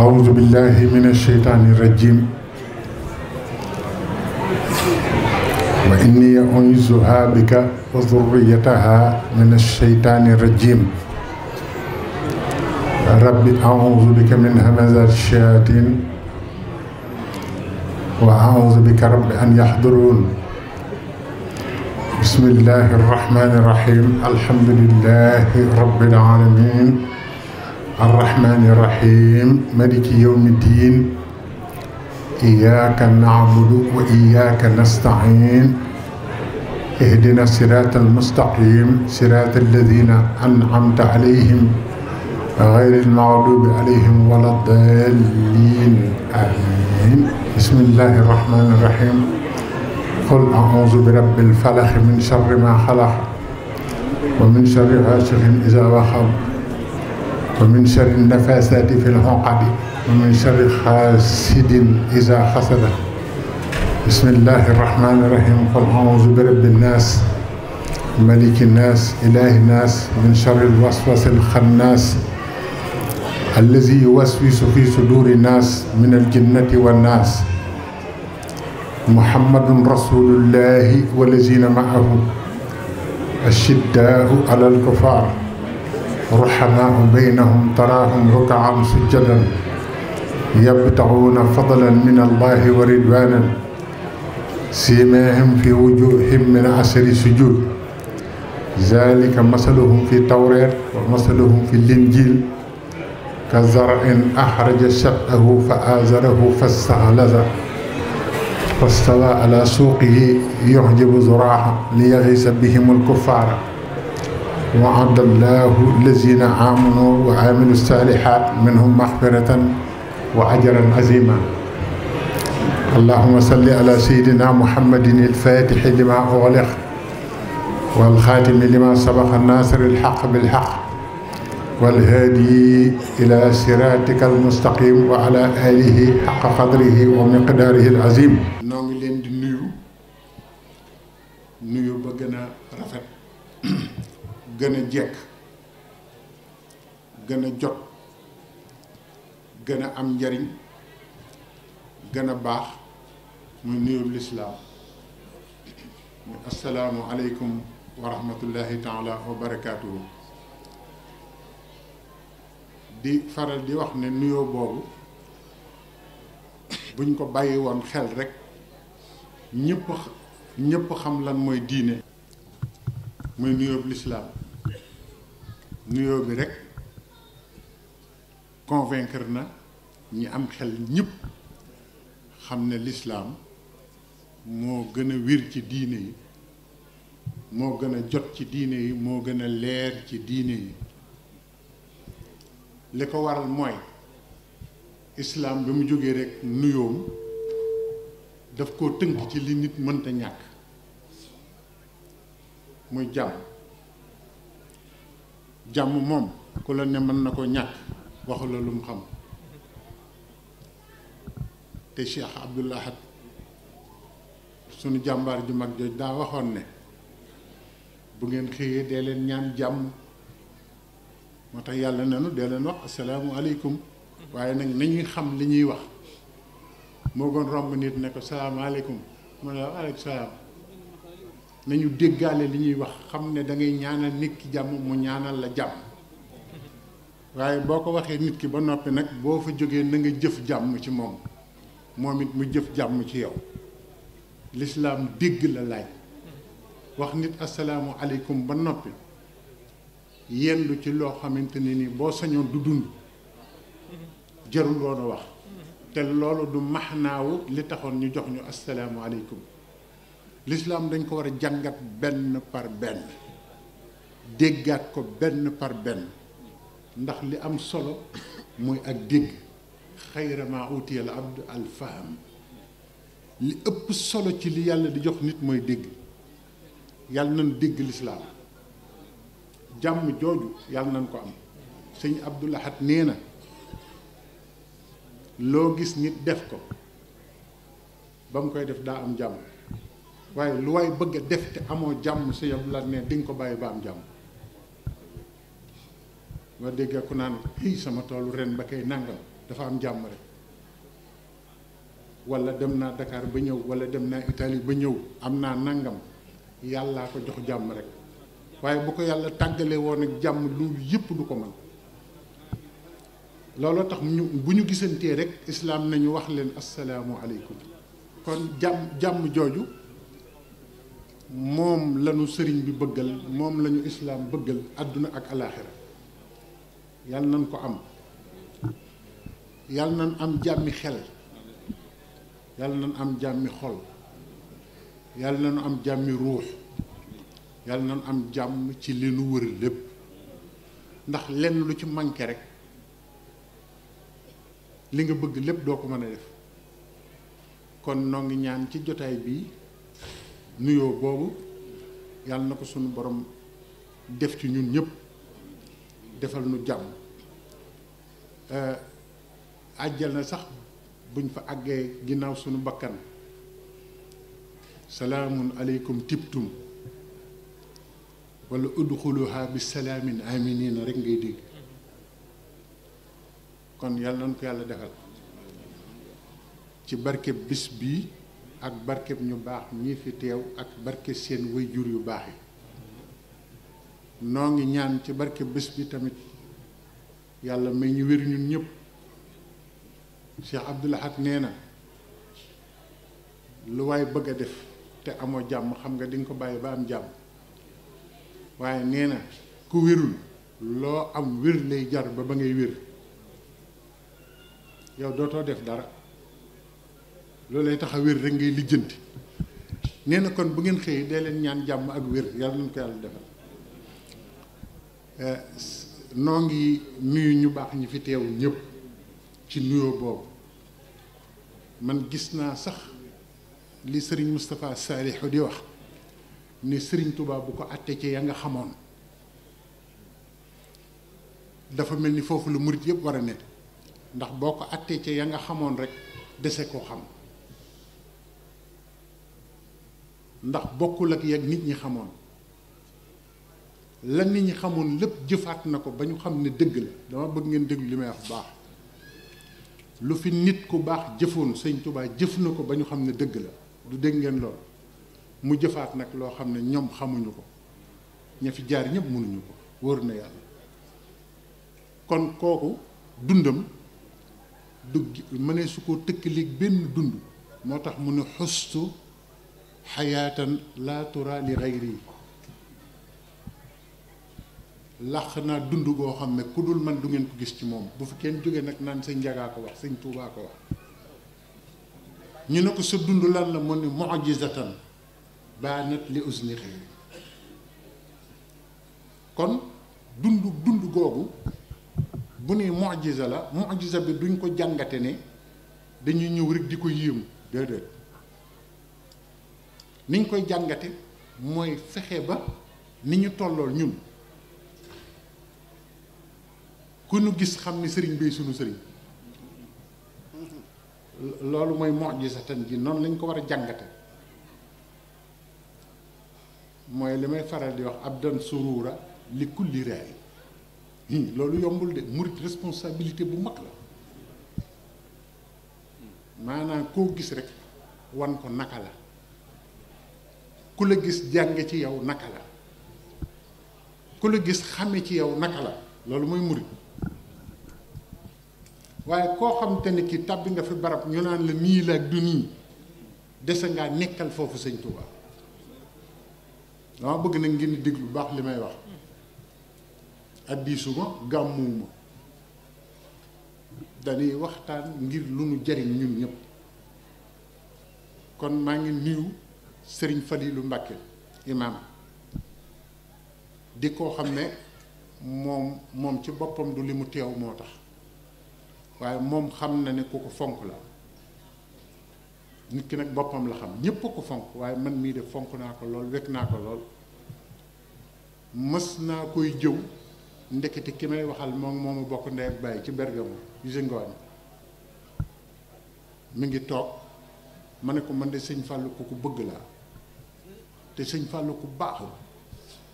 أعوذ بالله من الشيطان الرجيم وإني أنزها بك وذريتها من الشيطان الرجيم رب أعوذ بك من همزة الشياطين وأعوذ بك رب أن يحضرون بسم الله الرحمن الرحيم الحمد لله رب العالمين الرحمن الرحيم ملك يوم الدين إياك نعبد وإياك نستعين اهدنا الصراط المستقيم صراط الذين أنعمت عليهم غير المغضوب عليهم ولا الضالين آمين بسم الله الرحمن الرحيم قل أعوذ برب الفلق من شر ما خلق ومن شر غاسق إذا وخب ومن شر النفاسات في العقد ومن شر حاسد إذا حسد بسم الله الرحمن الرحيم قل أعوذ برب الناس ملك الناس إله الناس من شر الوسوس الخناس الذي يوسوس في صدور الناس من الجنة والناس محمد رسول الله والذين معه الشداء على الكفار رحماء بينهم تراهم ركعا سجدا يبتغون فضلا من الله ورضوانا سيماهم في وجوههم من أثر سجود ذلك مثلهم في التوراة ومثلهم في الإنجيل كزرع أحرج شقه فآزره فاستغلظ فاستوى على سوقه يعجب زراعه ليغيث بهم الكفار وعد الله الذين آمنوا وعملوا الصالحات منهم مغفرة وأجرا عظيما اللهم صل على سيدنا محمد الفاتح لما أغلق والخاتم لما سبق الناصر الحق بالحق والهادي إلى صراطك المستقيم وعلى آله حق قدره ومقداره العظيم noo ngi leen gën a jekk gën a jot gën a am njariñ gën a baax muy nuyub lislaam muy asalaamu aleykum wa rahmatullahi taala wa barakaatuhu di faral di wax ne nuyoo boobu buñ ko bàyyi woon xel rek ñëpp ñëpp xam lan mooy diine muy nuyoob lislaam nuyoo bi rekk convaincre na ñi am xel ñépp xam ne lislaam moo gën a wér ci diine yi moo gën a jot ci diine yi moo gën a leer ci diine yi li ko waral mooy islaam bi mu jógee rekk nuyoom daf ko tënk ci li nit mënta ñàkk muy jàmm jàmm moom ku la ne mën na koo ñàkk waxu la xam te Cheikh Abdoul sunu jàmbaar ju mag jooj daa waxoon ne bu ngeen xëyee dee leen ñaan jàmm moo tax yàlla nanu dee leen wax asalaamualeykum waaye nag nañuy xam li ñuy wax moo gën romb nit ne ko salaamaaleykum mu ne waaleykum salaam nañu déggaale li ñuy wax xam ne dangay ñaanal nit ki jàmm mu ñaanal la jàmm waaye boo ko waxee nit ki ba noppi nag boo fa jógee na nga jëf jàmm ci moom moom it mu jëf jàmm ci yow lislaam dégg la laaj wax nit asalaamu aleykum ba noppi yendu ci loo xamante ne ni boo sañoon du dund jarul wax te loolu du max naawu li taxoon ñu jox ñu asalaamu aleykum lislaam dañ ko war a jàngat benn par benn déggaat ko benn par benn ndax li am solo mooy ak dégg xayra ma utiya al abd li ëpp solo ci li yàlla di jox nit mooy dégg yàlla na dégg lislaam jàmm jooju yàlla nañ ko am sëñ Abdul Ahad nee na loo gis nit def ko ba mu koy def daa am jàmm waaye lu waay bëgg def te amoo jàmm si yow la ne di nga ko bàyyi ba am jàmm nga dégg ku naan hii sama toolu ren ba kay nangam dafa am jàmm rek wala dem naa Dakar ba ñëw wala dem naa Italie ba ñëw am naa nangam yàllaa ko jox jàmm rek waaye bu ko yàlla tàggalee woon ak jàmm loolu yëpp du ko mën looloo tax ñu bu ñu gisantee rek islaam nañu wax leen asalaamu aleykum kon jàmm jàmm jooju moom lanu sëriñ bi bëggal moom lañu islaam bëggal àdduna ak alaaxira yàlla nañ ko am yàlla nañ am jàmmi xel yàlla nan am jàmmi xol yàlla nanu am jàmmi ruux yàlla nañu am jàmm ci li nu wër lépp ndax lenn lu ci manqué rek li nga bëgg lépp doo ko mën a def kon noo ngi ñaan ci jotaay bii nuyoo boobu yàlla na ko sunu borom def ci ñun ñëpp defal nu jàmm eh, àjjal na sax buñ fa àggee ginnaaw sunu bakkan salaamun aleykum tibtum wala udxuluha bi salaamin aminiina rek ngay dégg kon yàlla nañ ko yàlla defal ci barke bis bii ak barkeb ñu baax ñi fi teew ak barke seen jur yu baax yi noo ngi ñaan ci barke bés bi tamit yàlla may ñu wér ñun ñëpp Cheikh Abdoul Ahad nee na lu waay bëgg a def te amoo jàmm xam nga di nga ko bàyyi ba am jàmm waaye nee na ku wérul loo am wér lay jar ba ba ngay wér yow dootoo def dara loolu lay tax a wér rek ngay lijjanti nee na kon bu ngeen xëyee dee leen ñaan jàmm ak wér yàlla nañ ko yàlla defal eh, noo ngi nuyu ñu baax ñu fi teew ñëpp ci nuyoo boobu man gis naa sax li sëriñ Moustapha Salihu di wax ne sëriñ Touba bu ko àttee ci ya nga xamoon dafa mel ni foofu lu murit yëpp war a ne ndax boo ko àttee ci ya nga xamoon rek dese koo xam ndax bokkul ak yeeg nit ñi xamoon la nit ñi xamoon lépp jëfaat na ko ba ñu xam ne dëgg la dama bëgg ngeen déglu li may wax baax lu fi nit ku baax jëfoon sëñ Tuubaa jëf na ko ba ñu xam ne dëgg la du dégg ngeen lool mu jëfaat nag loo xam ne ñoom xamuñu ko ña fi jaar ñépp mënuñu ko wóor na yàlla kon kooku dundam du mënee su ko tëkkaleeg benn dund moo tax mu ne xustu xayaatan laa tura li xayri làq naa dund goo xam ne ku dul man du ngeen ko gis ci moom bu fi kenn jógee nag naan sëñ Njagaa ko wax sëñ Tuubaa ko wax ñu ne ko sa dund lan la mu ne mojisatan baanat li usni xayri kon dund dund googu bu ne mojisa la mojisa bi duñ ko jàngate ne dañuy ñëw rek di ko yéemu niñ koy jàngate mooy fexe ba ni ñu tollool ñun ku nu gis xam ne sëriñ bi sunu sëriñ loolu mooy mujisatan ji noonu lañ ko war a jàngate mooy li may faral di wax abdan surura li kulli raay hmm, loolu yombul de murit responsabilité bu mag la maanaam koo gis rek wan ko naka la ku la gis jàng ci yow naka la ku la gis xame ci yow naka la loolu mooy murit waaye koo xam te ki tàbbi nga fi barab ñu naan la nii la du nii dese ngaa nekkal foofu sëñ Touba dama bëgg nag ngeen di déglu bu baax li may wax addiisuma gàmmuwuma dañuy waxtaan ngir lu nu jariñ ñun ñëpp kon maa ngi nuyu sëriñ Falilu Mbàkke imaam di koo xam ne moom moom ci boppam du li mu teew moo tax waaye moom xam na ne ku ko fonk la nit ki nag boppam la xam ñépp ko fonk waaye man mii de fonk naa ko lool wekk naa ko lool mës naa koy jëw ndekete ki may waxal moom moomu bokk ndey ak bàyyi ci Bergamo use ngoon mi ngi toog ma ne ko man de sëñ Fallou ku ko bëgg laa te sëñ fallu ku baaxul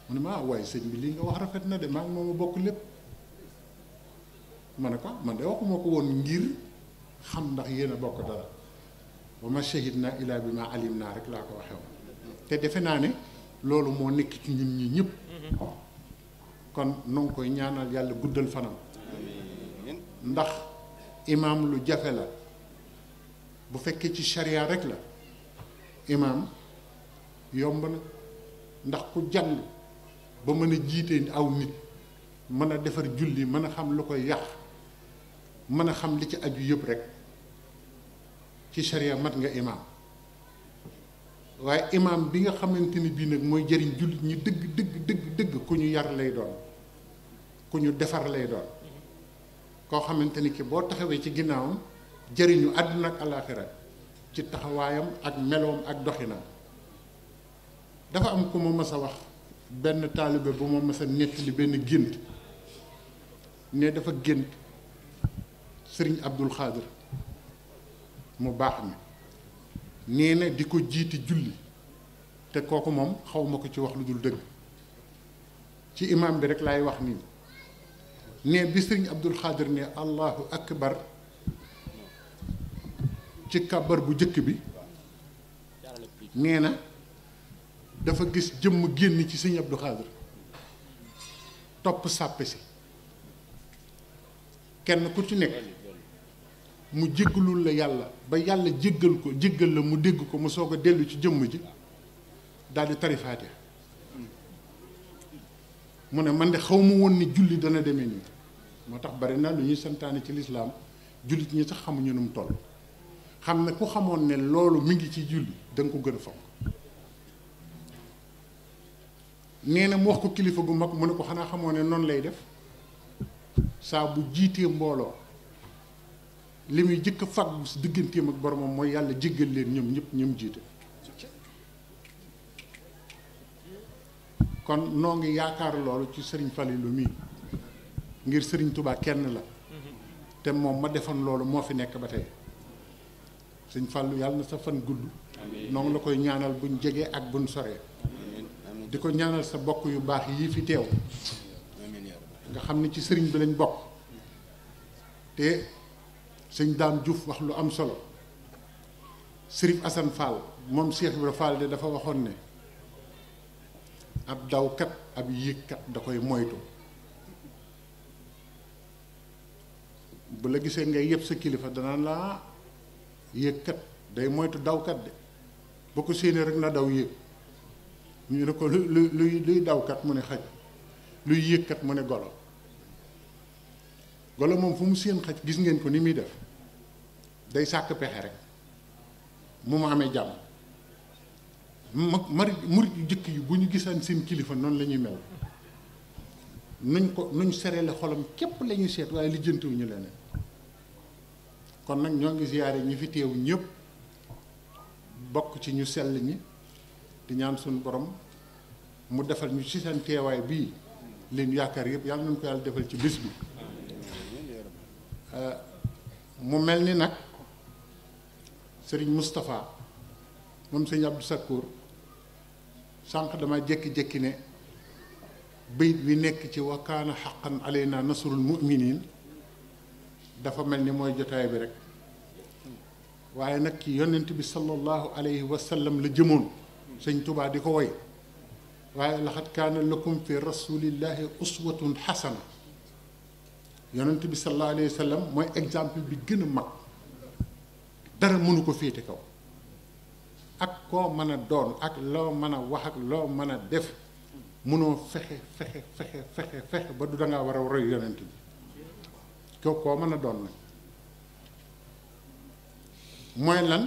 mu ne ma waaye sëñ bi li nga wax rafet na de maa ngi moom bokk lépp ma ne ko man de waxuma ko woon ngir xam ndax yéen a bokk dara ba ma shahid naa ilaa bi ma alim naa rek laa ko waxee woon te defe naa ne loolu moo nekk ci ñun ñi ñëpp kon nu koy ñaanal yàlla guddal fanam ndax imaam lu jafe la bu fekkee ci sharia rek la imaam yomb na ndax ku jàng ba mën a jiite aw nit mën a defar julli mën a xam lu koy yàq mën a xam li ci aju yëpp rek ci sharia mat nga imaam waaye imaam bi nga xamante ni bii nag mooy jëriñ jullit ñi dëgg dëgg dëgg dëgg ku ñu yar lay doon ku ñu defar lay doon koo xamante ni ki boo taxawee ci ginnaawam jëriñu àdduna ak alaaxira ci taxawaayam ak meloom ak doxinam dafa am ku ma mës a wax benn taalibe bu ma mës a nettali benn gént ne dafa gént sëriñ Abdul Xaadir mu baax mi nee na di ko jiiti julli te kooku moom xaw ma ko ci wax lu dul dëgg ci imaam bi rek lay wax nii ne bi sëriñ Abdul Xaadir ne allahu akbar ci kabar bu jëkk bi nee na dafa gis jëmm génn ci sëñ Abdou Khadre topp sàppe si kenn ku ci nekk mu jéggalul la yàlla ba yàlla jéggal ko jéggal la mu dégg ko mu soog a dellu ci jëmm ji daal di tarifaate mu ne man de xaw ma woon ni julli dana deme nii moo tax bari na lu ñuy sentaane ci lislaam julli jullit ñu sax xamuñu nu mu toll xam ne ku xamoon ne loolu mu ngi ci julli da nga ko gën a nee na mu wax ko kilifa gu mag mu ne ko xanaa xamoo ne noonu lay def saa bu jiitee mbooloo li muy jëkk a fàggu si digganteem ak boromam mooy yàlla jigéen leen ñoom ñëpp ñoom jiite kon noo ngi yaakaar loolu ci sëriñ Falilou mii ngir sëriñ tubaa kenn la te moom ma defoon loolu moo fi nekk ba tey sëñ Fallou yàlla na sa fan gudd noonu la koy ñaanal buñ jegee ak buñ soree di ko ñaanal sa bokk yu baax yii fi teew nga xam ne ci sëriñ bi lañ bokk te sëñ Dame juf wax lu am solo Sërif Assane Fall moom Cheikh Ibra Fall de dafa waxoon ne ab dawkat ab yéegkat da koy moytu bu la gisee ngay yëpp sa kilifa dana la ah, yéegkat day moytu dawkat de bokk ko rek na daw yéeg ñu ne ko lu lu luy dawkat mu ne xaj luy yéegkat mu ne golo golo moom fu mu séen xaj gis ngeen ko ni muy def day sàkk pexe rek mu mu amee jàmm ma mar murit yu jëkk yi bu ñu gisaan seen kilifa noonu lañuy ñuy mel nuñ ko nuñ serele xolam képp lañuy ñuy seet waaye lijjantiwuñu leneen kon nag ñoo ngi ziyaare ñi fi teew ñëpp bokk ci ñu sell ñi di ñaan suñu borom mu defal ñu ci seen teewaay bii li ñu yaakaar yëpp yàlla nañu ko yàlla defal ci bis bi euh, mu mel ni nag sëriñ Moustapha moom sëriñ Abdou Sakkour sànq dama jékki-jékki ne bayit bi nekk ci wakaana xaqan aleyna nasrul muminin dafa mel ni mooy jotaay bi rek waaye nag ci yonent bi sallallahu alayhi wa la jëmoon سيدنا توبا ديكو واي لقد كان لكم في رسول الله أسوة حسنة يونس بي صلى الله عليه وسلم موي اكزامبل بي گن ماك دار مونو كو فيتي كو اك كو مانا دون اك لو مانا واخ اك لو مانا ديف مونو فخي فخي فخي فخي فخي با دو داغا ورا ورا يونس بي كو كو مانا دون موي لان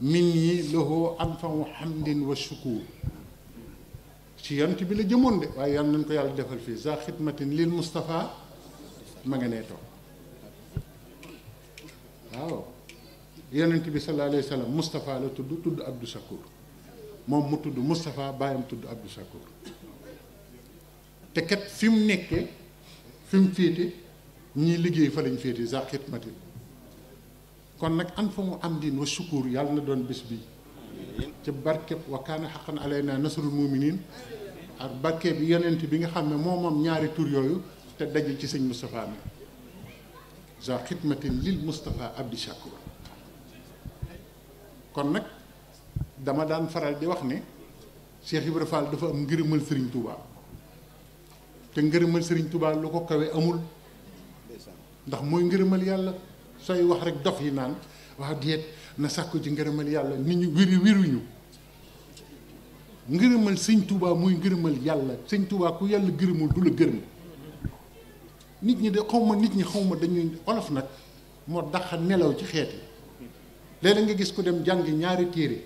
minni lahu anfa'u hamdin wa shukur ci yant bi la jëmoon de waaye yal nañ ko yàlla defal fii za xidmatin lil Moustapha ma nga nee toog waaw yonent bi sallallahu alayhi wa sallam Moustapha la tudd tudd Abdou Sakour moom mu tudd Moustapha bàyyam tudd Abdou Sakour te kat fi mu nekkee fi mu féete ñii liggéey fa lañ féete za xidmatin kon nag an fa mu am din wa sukuur yàlla na doon bés bi ci barkeb wa kaana xaqan alayna nasrul muminin ak barke bi yonent bi nga xam ne moom moom ñaari tur yooyu te daje ci sëñ Moustapha mi ja xidmatin lil Moustapha Abdi Chakour kon nag dama daan faral di wax ne Cheikh Ibra Fall dafa am ngërëmal Serigne Touba te ngërëmal Serigne Touba lu ko kawe amul ndax mooy ngërëmal yàlla sooy wax rek dof yi naan waaw déet na sàkku ci ngërëmal yàlla nit ñu wiri wiruñu ngërëmal sëñ Touba muy ngërëmal yàlla sëñ Touba ku yàlla gërëmul du la gërëm nit ñi de xawma nit ñi xawma dañuy olof nag moo daxa nelaw ci xeet yi léeg nga gis ku dem jàng ñaari téere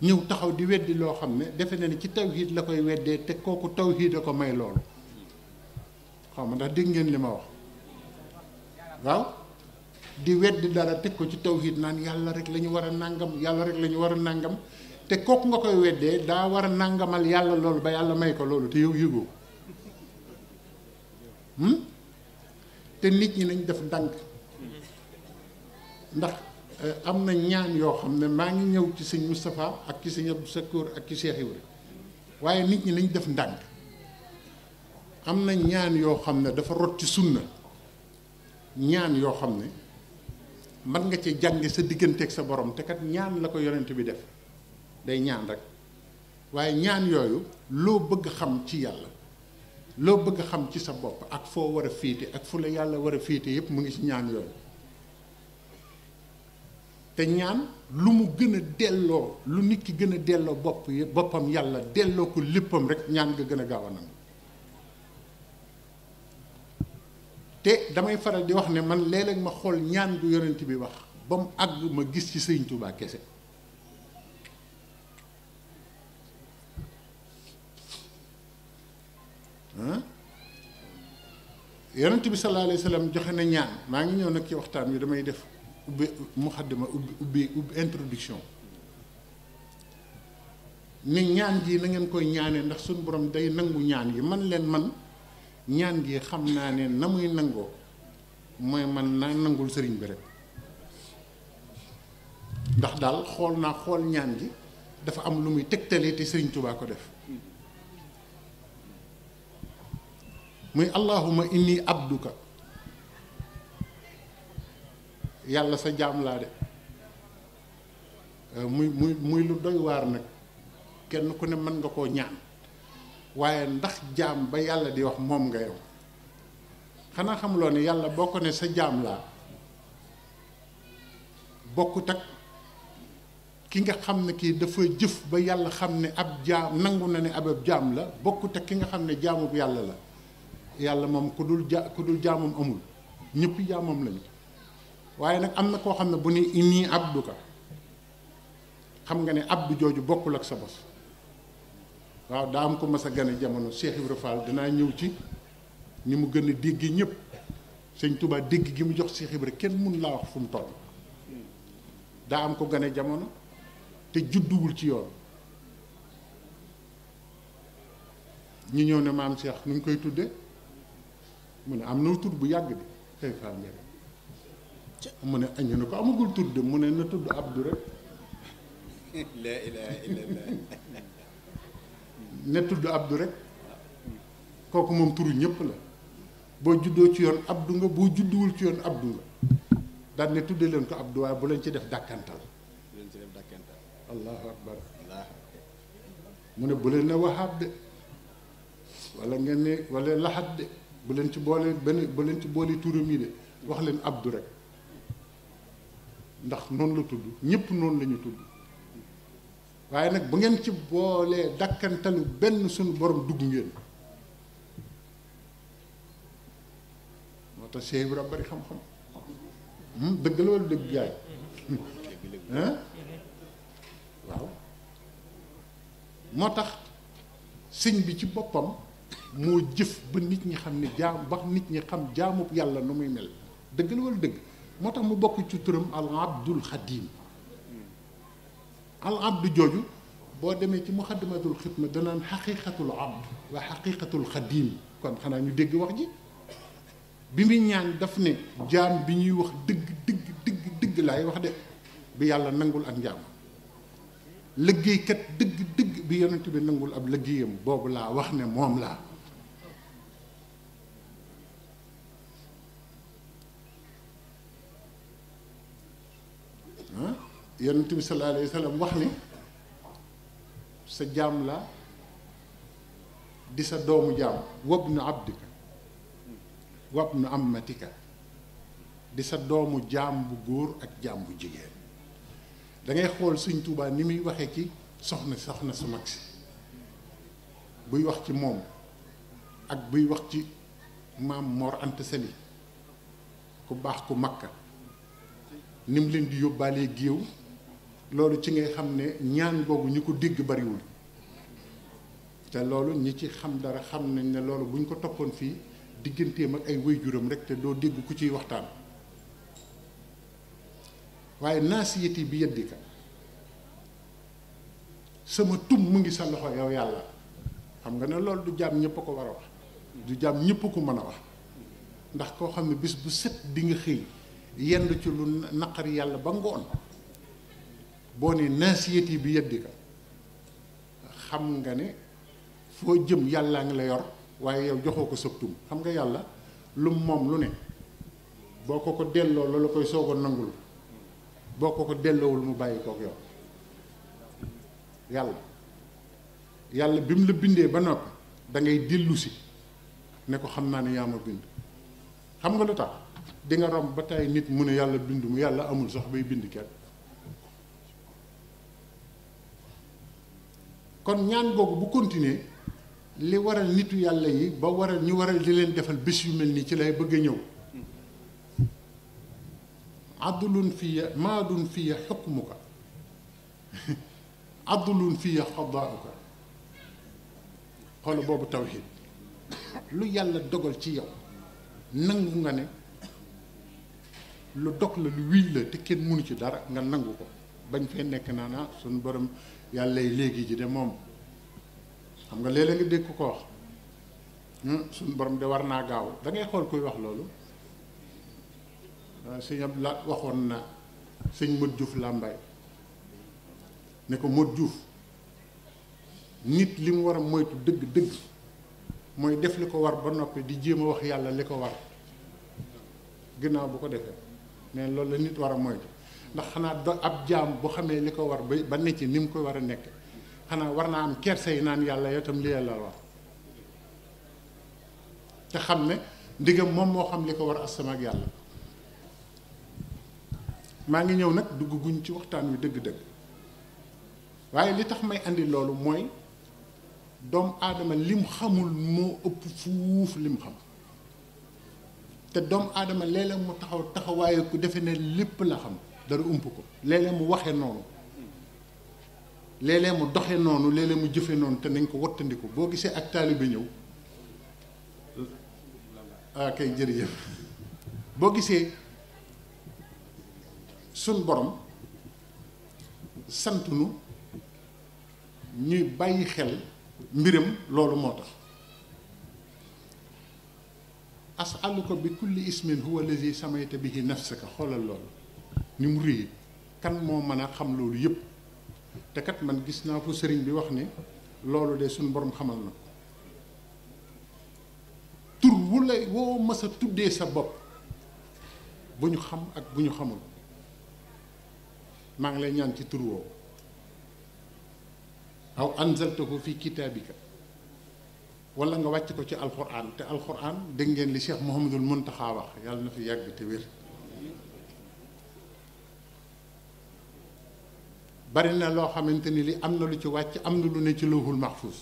ñëw taxaw di weddi loo xam ne defe na ci ci tawhid la koy weddee te kooku tawhid a ko may loolu xaw ma ndax dégg ngeen li ma wax waaw di weddi dara teg ko ci tawhid naan yàlla rek lañu war a nàngam yàlla rek la ñu war a nàngam te kooku nga koy weddee daa war a nàngamal yàlla loolu ba yàlla may ko loolu te yow yëgoo hmm? te nit ñi nañ def ndànk ndax eh, am na ñaan yoo xam ne maa ngi ñëw ci sëñ Moustapha ak ci sëñ ak ci Cheikh waaye nit ñi nañ def ndànk am na ñaan yoo xam ne dafa rot ci sunna ñaan yoo xam ne man nga ci jànge sa digganteeg sa borom te kat ñaan la ko yonent bi def day ñaan rek waaye ñaan yooyu loo bëgg xam ci yàlla loo bëgg xam ci sa bopp ak foo war a fiite ak fu la yàlla war a fiite yépp mu ngi si ñaan yooyu te ñaan lu mu gën a delloo lu nit ki gën a delloo bopp boppam yàlla delloo ko léppam rek ñaan nga gën a gaaw a te damay faral di wax ne man léeg-léeg ma xool ñaan gu yonent bi wax ba mu àgg ma gis ci sëñ Tuubaa kese yonent bi sallallahu alayhi joxe na ñaan maa ngi ñëw nag ci waxtaan wi damay def ubbi muxaddima ubbi ubbi ubbi introduction ne ñaan jii na ngeen koy ñaanee ndax suñu borom day nangu ñaan yi man leen man ñaan gi xam naa ne na muy nangoo mooy man naa nangul sëriñ bi rek ndax daal xool naa xool ñaan gi dafa am lu muy tegtalee te sëriñ Tuubaa ko def muy allahuma inni abduka yàlla sa jaam laa de euh, muy muy muy lu doy waar nag kenn ku ne man nga koo ñaan waaye ndax jaam ba yàlla di wax moom nga yow xanaa xamuloo ne yàlla boo ko ne sa jaam laa bokkut ak ki nga xam ne kii dafa jëf ba yàlla xam ne ab jaam nangu na ne ab jaam la bokkut ak ki nga xam ne jaamub yàlla la yàlla moom ku dul ja ku dul jaamam amul ñépp jaamam lañu waaye nag am na koo xam ne bu ne nii abdu xam nga ne abdu jooju bokkul ak sa bos waaw daa am ko mas a gane jamono Cheikh Ibra Fall dinaa ñëw ci ni mu gën a dégg ñëpp sëñ Touba dégg gi mu jox Cheikh Ibra kenn mun laa wax fu mu toll daa am ko gane jamono te judduwul ci yoon ñu ñëw ne maam Cheikh nu ñu koy tudde mu ne am na tur bu yàgg bi xëy faa mu ne añu ne ko amagul tur de mu ne na tudd Abdou rek. ne tudd Abdou rek kooku moom turu ñëpp la boo juddoo ci yoon Abdou nga boo judduwul ci yoon Abdou nga daan ne tuddee leen ko Abdou waaye bu leen ci def dàkkantal bu leen ci def dàkkantal allahu akbar mu ne bu leen ne waxaat de wala ngeen ne wala laxat de bu leen ci boole benn bu leen ci boole turam yi de wax leen Abdou rek ndax noonu la tudd ñëpp noonu la tudd waaye nag bu ngeen ci boolee dakkantalu benn suñu boroom dugg ngeen moo tax Cheikh Ibrahima bari xam hmm, tax sëñ bi ci boppam moo jëf ba nit ñi xam ne jaam ba nit ñi xam jaamub yàlla nu muy mel dëgg la dëgg moo tax mu bokk ci turam al abdul xadim العبد جوجو بو ديمي تي مقدمه الخدمه دنان حقيقه العبد وحقيقه الخديم كون خانا ني دغ وخجي بيمي نيان داف ني جام بي ني وخ دغ دغ دغ دغ لاي وخ دي بي يالا نانغول اك جام لغي كات دغ دغ بي يونتي بي نانغول اب لغيام بوب لا وخ ني موم لا Huh? yonent bi sallallahu alayhi wa sallam wax ni sa jaam la di sa doomu jaam wabnu abdika wabnu ammatika di sa doomu jaam bu góor ak jaam bu jigéen da ngay xool Sëñ Tuubaa ni muy waxee ci soxna soxna su mag si buy wax ci moom ak buy wax ci maam Mor Anta Sali ku baax ku Makka ni mu leen di yóbbaalee géew loolu ci ngay xam ne ñaan googu ñu ko dégg bariwul te loolu ñi ci xam dara xam nañ ne loolu buñ ko toppoon fii digganteem ak ay juróom rek te doo dégg ku ciy waxtaan waaye naa naasiyati bi yëddika sama tum mu ngi sa loxo yow yàlla xam nga ne loolu du jaam ñëpp ko war a wax du jaam ñépp ko mën a wax ndax koo xam ne bés bu set dinga nga xëy yendu ci lu naqari yàlla ba ngoon boo ne nasiyati bi yëddika xam nga ne foo jëm yàllaa ngi la yor waaye yow joxoo ko sëptum xam nga yàlla lu moom lu ne boo ko ko delloo loola koy soog a nangul boo ko ko lu mu bàyyi kook yàlla yàlla bi mu la bindee ba noppi da ngay ne ko xam naa ne yaa ma bind xam nga lu tax di nga romb ba tey nit mu ne yàlla bind mu yàlla amul sax bay bind kenn kon ñaan googu bu continuer li waral nitu yàlla yi ba waral ñu waral di leen defal bés yu mel nii ci lay bëgg a ñëw adlun fiya maadun fiya xukmuka adlun fiya xadaauka xoola boobu tawxid lu yàlla dogal ci yow nangu nga ne lu dog la lu wiy la te kenn munu ci dara nga nangu ko bañ fee nekk naa sun borom yàlla léegi ji de moom xam nga léeg-léeg nga dégg ko wax hmm, suñu borom de war naa gaaw da ngay xool kuy wax loolu ah, sëñ ab la waxoon na sëñ Modou juuf làmbaay ne ko Modou juuf nit li mu war a moytu dëgg-dëgg mooy def li ko war ba noppi di jéem a wax yàlla li ko war ginnaaw bu ko defee mais loolu la nit war a moytu ndax xanaa do ab jaam bu xamee li ko war ba ba ne ci ni mu ko war a nekk xanaa war naa am kersa yi naan yàlla yow itam li la war te xam ne ndigam moom moo xam li ko war a asama ak yàlla maa ngi ñëw nag dugg guñ ci waxtaan wi dëgg-dëgg waaye li tax may indi loolu mooy doomu aadama lim xamul moo ëpp fuuf lim xam te doomu aadama léeg-léeg mu taxaw taxawaayu ku defe ne lépp la xam dara ump ko léeg-léeg mu waxee noonu léeg-léeg mu doxee noonu léeg-léeg mu jëfee noonu te nañ ko wattandiku boo gisee ak taalibe ñëw ah kay jërëjëf boo gisee suñ borom sant nu ñuy bàyyi xel mbiram loolu moo tax asaluka bi kulli ismin huwa allazi samayta bihi nafsaka xoolal loolu ni mu réyee kan moo mën a xam loolu yëpp te kat man gis naa fu sëriñ bi wax ni loolu de suñu borom xamal na tur wu lay woo mës tuddee sa bopp bu ñu xam ak bu ñu xamul maa ngi lay ñaan ci tur woowu aw anzaltahu fi kitaabika wala nga wàcc ko ci alxuraan te alxuraan dégg ngeen li Cheikh Mouhamadul Muntaxa wax yàlla na fi yàgg te wér barina lo xamanteni li amna lu ci wàcc amna lu ne ci lawhul mahfuz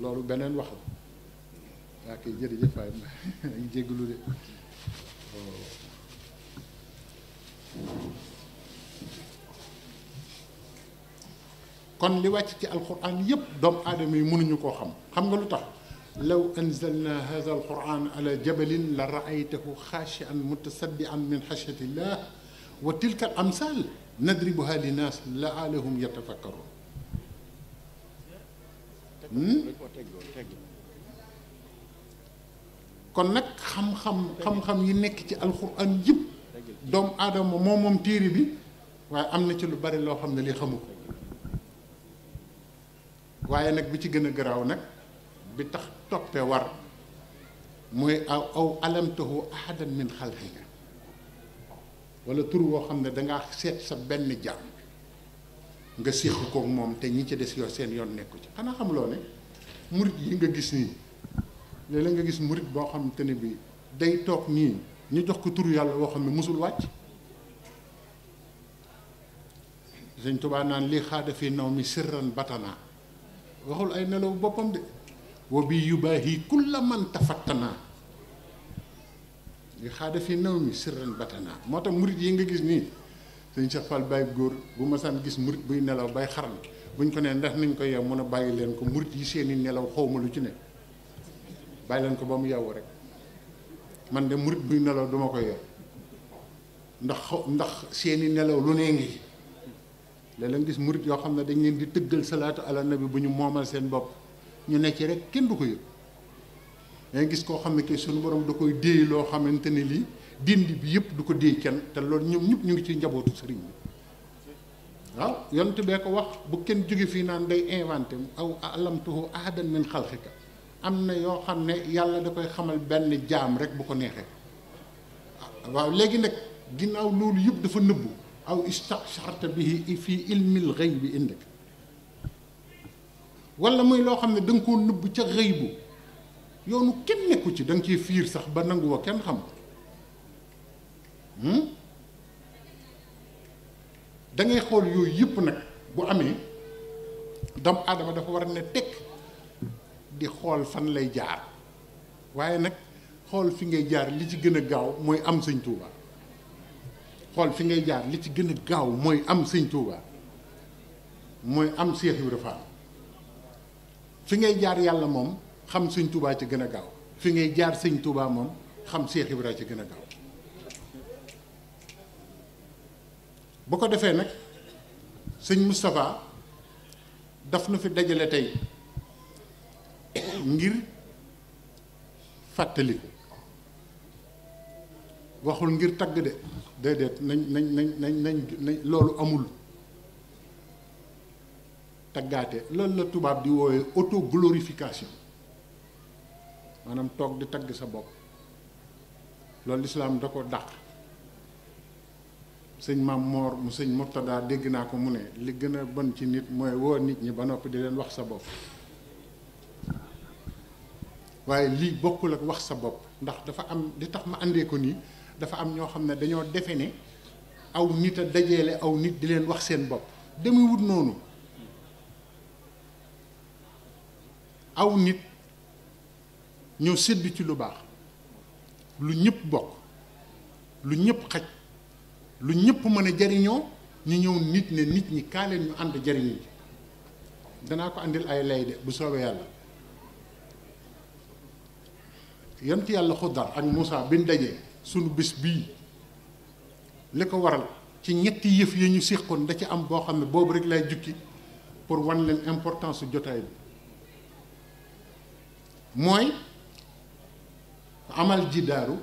lolu benen wax la waa kay jërëjëf waay jéglu de kon li wàcc ci alquran yeb dom aadama yi mënuñu ko xam xam nga lutax لو أنزلنا هذا القرآن على جبل لرأيته la متسبعا من mutasaddian الله وتلك الأمثال ندربها للناس لعلهم يتفكرون كون نك خم خم خم خم ينك القران يب دوم ادم موموم تيري بي واي امنا سي لو بار لو خم لي خمو واي نك بي سي غنا غراو نك بي تخ او او علمته احدا من خلقك wala tur woo xam ne dangaa seet sa benn jàmm nga séq kook moom te ñi ci des yoo seen yoon nekku ci xanaa xamuloo ne murit yi nga gis nii léeg la nga gis murit boo xam te ne bi day toog nii ñu jox ko turu yàlla woo xam ne musul wàcc sëñ Tuubaa naan li xaada naw mi sirran batanaa waxul ay nelaw boppam de wa bi yubaahi kulla man tafattanaa li xaada fi naw mi sirran batana moo tax murit yi nga gis nii sëñ Cheikh Fall Baye góor bu ma saan gis murit buy nelaw bay xaram buñ ko neen ndax nañ ko yow mën a bàyyi leen ko murit yi seeni nelaw xawma lu ci ne bàyyi leen ko ba mu yàwwu rek man de murit buy nelaw duma ko yow ndax ndax seeni nelaw lu nee ngi léeg-léeg gis murit yoo xam ne dañ leen di tëggal salaatu ala bi bu ñu moomal seen bopp ñu ne ci rek kenn du ko yëg da gis koo xam ne que suñu borom da koy déey loo xamante ne lii dindi bi yëpp du ko déey kenn te loolu ñoom ñëpp ñu ngi ci njabootu sëriñ bi waaw yonent bee ko wax bu kenn jóge fii naan day inventé aw alam alamtuhu ahadan min xalxika am na yoo xam ne yàlla da koy xamal benn jaam rek bu ko neexee waaw léegi nag ginnaaw loolu yëpp dafa nëbbu aw istaxsarta bihi fi ilmil xëy indak wala muy loo xam ne da nga koo nëbb ca xëy yoonu kenn nekku ci danga nga fiir sax ba nanguwa kenn xam hmm? da xool yooyu yëpp nag bu amee doomu aadama dafa war a ne teg di xool fan lay jaar waaye nag xool fi ngay jaar li ci gën a gaaw mooy am sëñ Touba xool fi ngay jaar li ci gën a gaaw mooy am sëñ Touba mooy am Cheikh Ibrahima fi ngay jaar yàlla moom. xam sëñ tubaa ci gën a gaaw fi ngay jaar sëñ Touba moom xam Cheikh Ibra ci gën a gaaw bu ko defee nag sëñ Moustapha daf nu fi dajale tey ngir fàttaliku waxul ngir tagg de déedéet nañ nañ nañ nañ loolu amul taggaate loolu la tubaab di woowe auto glorification maanaam toog di tagg sa bopp loolu lislaam da ko dàq sëñ maam moor mu sëñ Murtada dégg naa ko mu ne li gën a bon ci nit mooy woo nit ñi ba noppi di leen wax sa bopp waaye lii bokkul ak wax sa bopp ndax dafa am di tax ma àndee ko nii dafa am ñoo xam ne dañoo defe ne aw nit a dajeele aw nit di leen wax seen bopp demewut noonu aw nit ñëw séddu ci lu baax lu ñëpp bokk lu ñëpp xaj lu ñëpp mën a jariñoo ñu ñëw nit ne nit ñi kaa leen ñu ànd jariñu danaa ko àndil ay lay de bu soobee yàlla yant yàlla xuddar ak Moussa bin dajee sunu bis bii li ko waral ci ñetti yëf yi ñu séqoon da ci am boo xam ne boobu rek lay jukki pour wan leen importance su jotaay bi mooy عمل جداره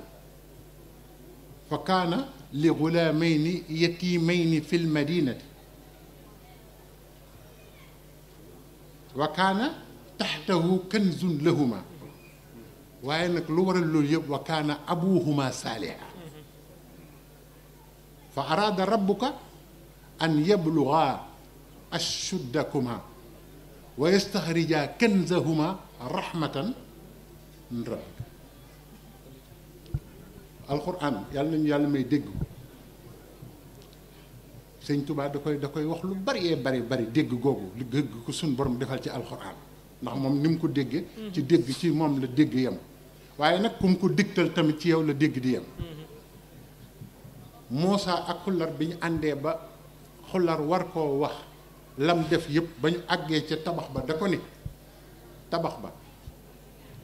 فكان لغلامين يتيمين في المدينة وكان تحته كنز لهما وانك لور اللوليب وكان ابوهما صالحا فاراد ربك ان يبلغا اشدكما ويستخرجا كنزهما رحمه من ربك alxuraan yàlla nañu yàlla may dégg ko sëñ tubaa da koy da koy wax lu bari bari bari dégg googu li dégg ko suñ borom defal ci alxuraan ndax moom ni mu ko déggee. Mm-hmm. ci dégg ci moom la dégg yem. waaye nag ku mu ko digtal tamit ci yow la dégg di yem. Mm-hmm. Moussa ak xullar bi ñu àndee ba xullar war koo wax lam def yépp ba ñu àggee ca tabax ba da ko ni tabax ba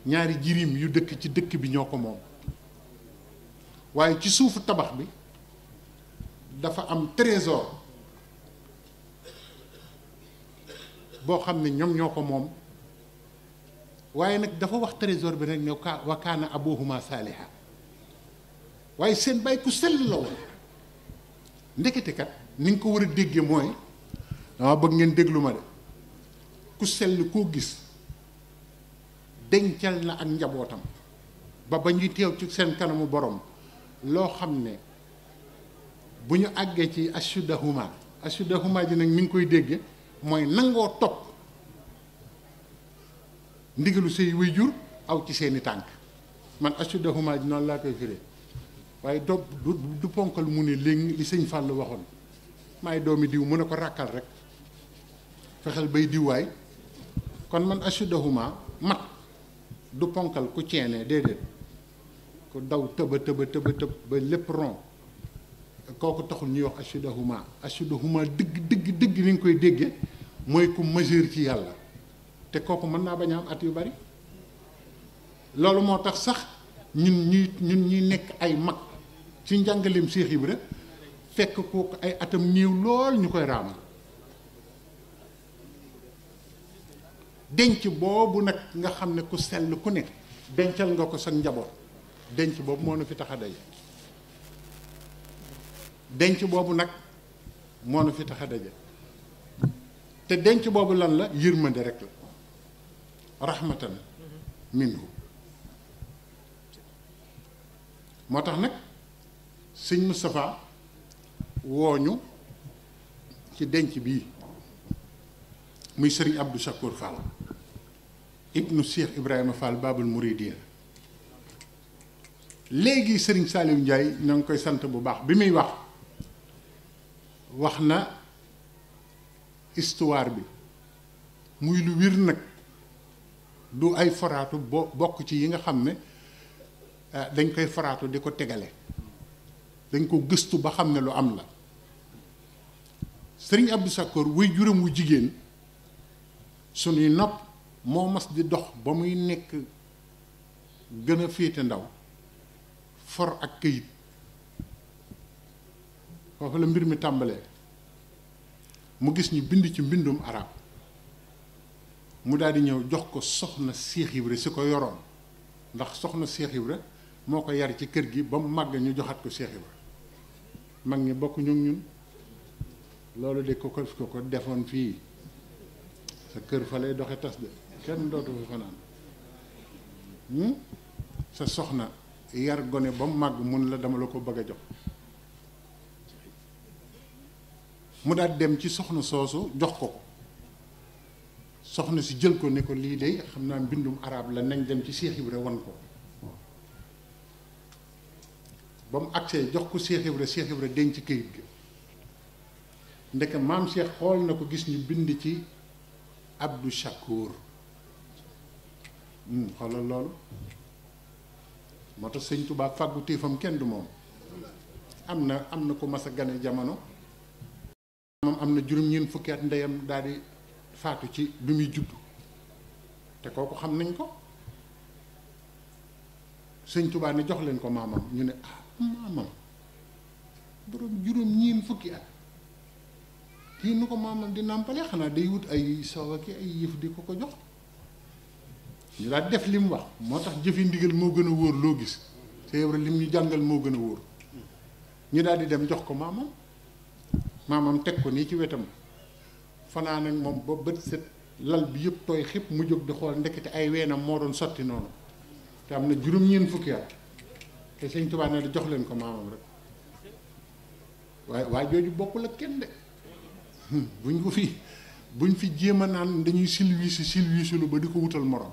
ñaari jirim yu dëkk ci dëkk bi ñoo ko moom. waaye ci suufu tabax bi dafa am trésor boo xam ne ñoom ñoo ko moom waaye nag dafa wax trésor bi rek ne wa kaana abuhuma saaliha waaye seen bàyyi ku sell la woon ndekete kat ni nga ko war a déggee mooy dama bëgg ngeen déglu ma de ku sell koo gis dencal na ak njabootam ba ba ñuy teew ci seen kanamu borom loo xam ne bu ñu àggee ci asudahuma asudahuma ji nag mi ngi koy dégge mooy nangoo topp ndigalu say waajur aw ci seeni tànk man asudahuma ji noonu laa koy firee waaye do du ponkal mu ni léegi li sëñ Fall waxoon maay doomi diw mën a ko ràkkal rek fexeel bay diwaay kon man asudahuma mat du ponkal ku ceenee déedéet ku daw tëba tëba tëba tëb ba lépp rond kooku taxul ñuy wax ashudahuma ashudahuma dëgg dëgg dëgg ni nga koy dégge mooy ku majeur ci yàlla te kooku mën naa bañ a am at yu bari loolu moo tax sax ñun ñuy ñun ñuy nekk ay mag ci njàngaleem Cheikh Ibra fekk kooku ay atam néew lool ñu koy raamal denc boobu nag nga xam ne ku sell ku nekk dencal nga ko sag njaboot denc boobu moo nu fi tax a daje denc boobu nag moo nu fi tax a daje te denc boobu lan la yërmande rek la rahmatan moo tax nag sëñ Moustapha wooñu ci denc bii muy sëriñ Abdou Chakour Fall ibnu Cheikh Ibrahima Fall Babul Mouridina léegi Serigne Saliou njaay ñoo ngi koy sant bu baax bi muy wax wax na histoire bi muy lu wir nag du ay foraatu bokk ci yi nga xam ne ah, dañ koy foraatu di ko tegale dañ ko gëstu ba xam ne lu am la Serigne Abdou sakoor wuy juróom wu jigéen suñuy nopp moo mas di dox ba muy nekk gën a féete ndaw for ak këyit foofu la mbir mi tàmbalee mu gis ñu bind ci mbindum arab mu daldi ñëw jox ko soxna Cheikh Ibra si ko yoroon ndax soxna Cheikh Ibra moo ko yar ci kër gi ba mu màgg ñu joxaat ko Cheikh Ibra mag ñi bokk ñu ñun loolu de ko ko ko defoon fii sa kër fa lay doxe tas de kenn dootu fa fanaan hmm? sa soxna yar gone ba mu màgg mun la dama la ko bëgg a jox mu daal dem ci soxna soosu jox ko ko soxna si jël ko ne ko lii de xam naa mbindum araab la nañ dem ci Cheikh Ibra won ko ba mu agsee jox ko Cheikh Ibra Cheikh Ibra denc këyit gi ndeke maam Cheikh xool na ko gis ñu bind ci Abdou Chakour hmm, xoolal loolu moo tax sëñ Tuubaa fàggu tiifam kenn du moom am na am na ko mas gane jamono moom am na juróom-ñeent fukki at ndeyam daal di faatu ci bi muy juddu te kooku xam nañ ko sëñ Tuubaa ne jox leen ko maamam ñu ne ah maamam borom juróom-ñeent fukki at kii nu ko maamam di nàmpale xanaa day wut ay soow ak ay yëf di ko ko jox ñu daal def li mu wax moo tax jëfi ndigal moo gën a wóor loo gis te yow lim ñu jàngal moo gën a wóor ñu daal di dem jox ko maamam maamam teg ko nii ci wetam fanaan ak moom ba bët set lal bi yëpp tooy xëpp mu jóg di xool ndekete ay weenam moo doon sotti noonu te am na juróom-ñeent fukki at te sëñ Tuubaa ne la jox leen ko maamam rek waaye waaye jooju bokk ak kenn de hmm, buñ ko fi buñ fi jéem a naan dañuy silwiisi silwiisulu ba di ko wutal morom.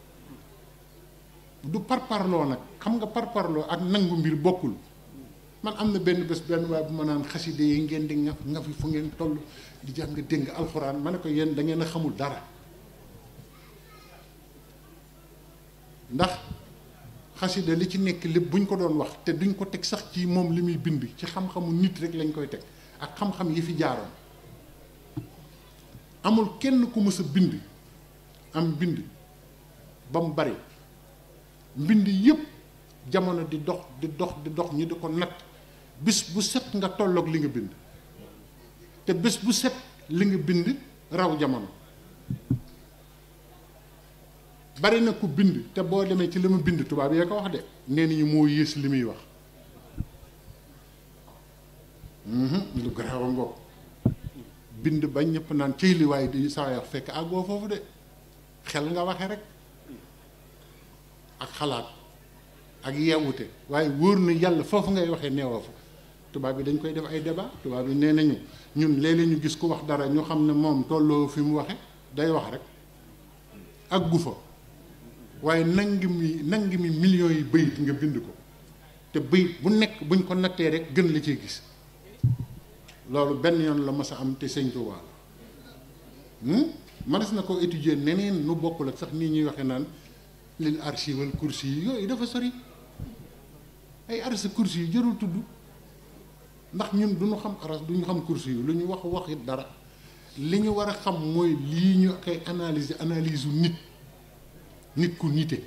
du parparloo nag xam nga parparloo ak nangu mbir bokkul man am na benn bés benn waaye bu ma naan xaside yi ngeen di ngaf ngaf fu ngeen toll di jàng nga dégg alxuraan ma ne ko yéen da ngeen a xamul dara ndax xasida li ci nekk lépp buñ ko doon wax te duñ ko teg sax ci moom li muy bind ci xam-xamu rek lañ koy teg ak xam yi fi jaaroon amul kenn ku mës a bind am bind ba mu bari mbind yëpp jamono di dox di dox di dox ñi di ko natt bis bu set nga tollook li nga bind te bés bu set li nga bind raw jamono bari na ku bind te boo demee ci li mu bind tubaab yee ko wax de nee nañu moo yées li muy wax mhm, lu garaaw ngoog bind ba ñëpp naan ci li waaye fekk àggoo foofu de xel nga waxe rek ak xalaat ak yeewute waaye wóor na yàlla foofu ngay waxee neewoo fa tubaab bi dañ koy def ay débat tubaab bi nee nañu ñun léeg-léeg ñu gis ku wax dara ñu xam ne moom tolloo fi mu waxe day wax rek ak gufa waaye nangi mi nangi mi millions yi bayit nga bind ko te bayit bu nekk buñ ko nattee rek gën la ciy gis loolu benn yoon la mas a am te sëñ Tuubaa la hmm? manes na ko étudier neneen nu bokkul ak sax nii ñuy waxe naan leen archival kursi yi yooyu dafa sori ay arsi kursi yi jërul tudd ndax ñun du ñu xam aras du ñu xam kursi yu lu ñu wax wax dara li ñu war a xam mooy lii ñu koy analyser analyse u nit nit ku nite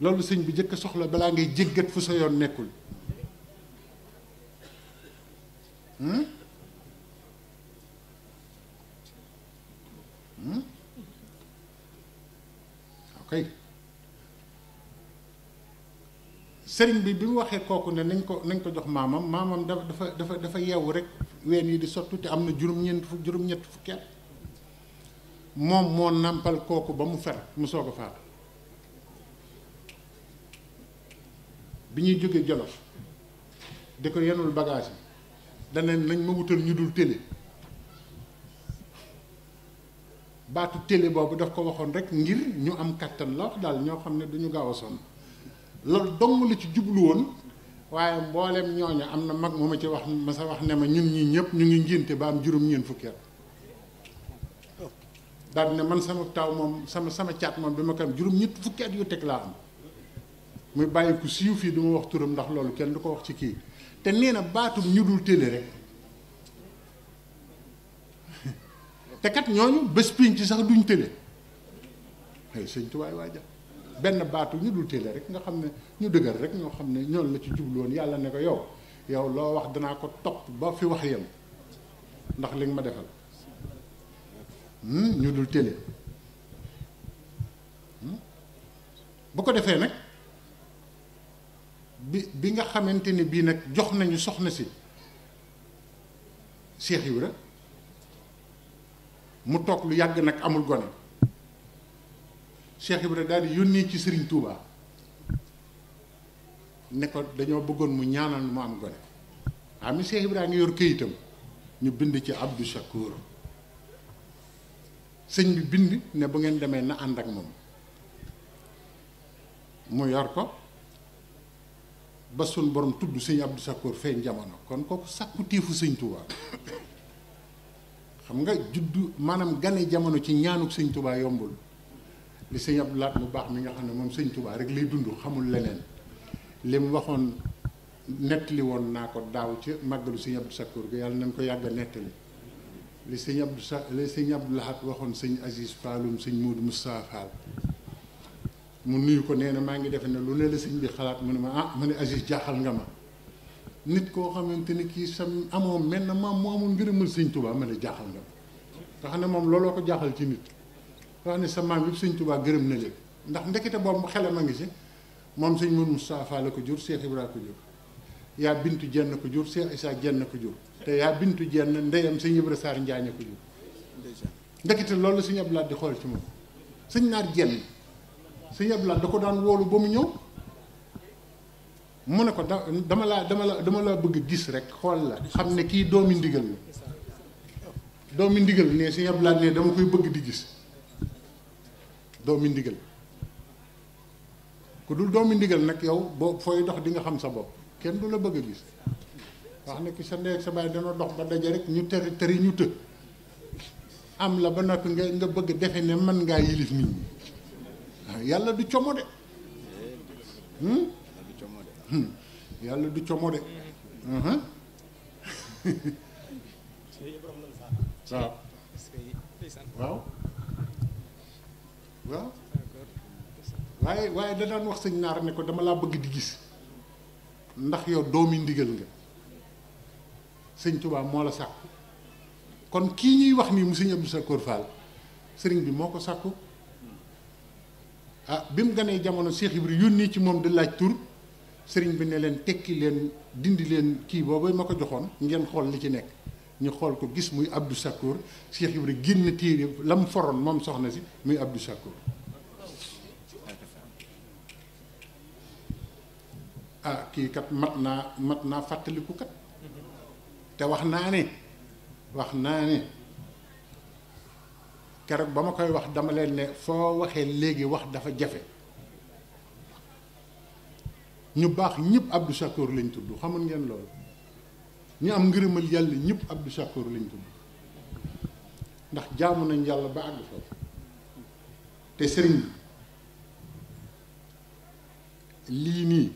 loolu sëñ bi jëkk soxla balaa ngay jéggat fu sa yoon nekkul hmm? Hmm? sëriñ bi bi mu waxee kooku ne nañ ko nañ ko jox maamam maamam dafa dafa dafa yeewu rek ween yi di sottu te am na juróom-ñeent fukk ñett fukki moom moo nàmpal kooku ba mu fer mu soog a faatu bi ñuy jógee Jolof di ko yenul bagage yi daneen nañ ma wutal ñu dul télé baatu télé boobu daf ko waxoon rek ngir ñu am kàttan la daal ñoo xam ne duñu gaaw a sonn loolu dong la ci jublu woon waaye mboolem ñooñu am na mag mu ma ci wax ma sa wax ne ma ñun ñi ñëpp ñu ngi ngénte ba am juróom-ñeent fukki daad daal ne man sama taw moom sama sama caat moom bi ma ko am juróom-ñett fukki yu teg laa am muy bàyyi ku siiw fii du ma wax turam ndax loolu kenn du ko wax ci kii te nee na baatum ñu dul télé rek te kat ñooñu bés piñ ci sax duñ télé ay sëñ tubaay waaja benn baatu ñu dul téele rek nga xam ne ñu dëgër rek ñoo xam ne ñoom la ci jubloon yàlla ne ko yow yow loo wax danaa ko topp ba fi wax yem ndax li nga ma defal hmm, ñu dul téele hmm? bu ko defee nag bi bi nga xamante ni bii nag jox nañu soxna si Cheikh Ibra mu toog lu yàgg nag amul gone Cheikh Ibra dal di yónnee ci Serigne Touba ne ko dañu bëggoon mu ñaanal mu am gone am mi Cheikh Ibra nga yor këyitam ñu bind ci Abdou Chakour sëñ bi bind ne bu ngeen démé na and ak mom mu yar ko ba sun borom tuddu sëñ Abdou Chakour feeñ jamono kon ko sakutifu tiifu Touba xam nga juddu manam gane jamono ci ñaanuk sëñ Touba yombul li sëñ Abdou Lahat mu baax mi nga xam ne moom sëñ Touba rek lay dund xamul leneen li mu waxoon nettali woon naa ko daaw ci màggalu sëñ Abdou Sakkour gi yàlla nañ ko yàgg a nettali li sëñ Abdou Sa li sëñ waxoon sëñ Aziz Falloum sëñ Modou Moustapha Fall mu nuyu ko nee na maa ngi defe ne lu ne la sëñ bi xalaat mu ne ma ah ma ne Aziz jaaxal nga ma nit koo xamante ni kii sa amoo mel na maam mu amul ngërëmal sëñ tubaa ma ne jaaxal nga ma nga xam ne moom looloo ko jaaxal ci nit dafa ne sa maam yëpp sëñ Tuubaa gërëm na leen ndax ndekete boobu xelam a ngi si moom sañ Mourou Moustapha la ko jur Cheikh Ibra ko jur yaa bintu jenn ko jur Cheikh Issa jenn ko jur te yaa bintu jenn ndeyam sëñ Ibra Sarr Njaañ ko jur ndekete loolu la sëñ Abdoulaye di xool ci moom sëñ naar jenn sëñ Abdoulaye da ko daan woolu ba mu ñëw mu ne ko da dama laa dama la dama laa bëgg gis rek xool la xam ne kii doomi ndigal la doomi ndigal ne sëñ Abdoulaye ne dama koy bëgg di gis doomi ndigal ku dul doomi ndigal nag yow boo fooy dox di nga xam sa bopp kenn du la bëgg a gis wax ne ki sa ndey ak sa baay dana dox ba daje rek ñu tëri tëri ñu të am la ba noppi nga nga bëgg defe ne mën ngaa yilif nit ñi yàlla du como de yàlla du como de waaw waaw waaye waaye da daan wax sëñ naar ne ko dama laa bëgg di gis ndax yow doomi ndigal nga sëñ Tuubaa moo la sàkku kon kii ñuy wax nii mu sëñ Abdou Sakor Fall sëriñ bi moo ko sàkku ah bi mu ganee jamono Cheikh Ibrahima yónni ci moom di laaj tur sëriñ bi ne leen tekki leen dindi leen kii boobu ma ko joxoon ngeen xool li ci nekk نقول كو جسم عبد الشكور شيخ يبر جن تير لم فرن مام صح نزي مي عبد الشكور آه كي كات متنا متنا فاتلي كو كات تا واخنا ني واخنا ني كرك بما كاي واخ دامالين ني فو واخي ليغي واخ دافا جافي ñu baax ñëpp abdou sakor lañ tuddu xamul ngeen loolu ñu am ngërëmal yàlla ñëpp Abdou Shakor lañ tudd ndax jaamu nañ yàlla ba àgg foofu te sëriñ lii nii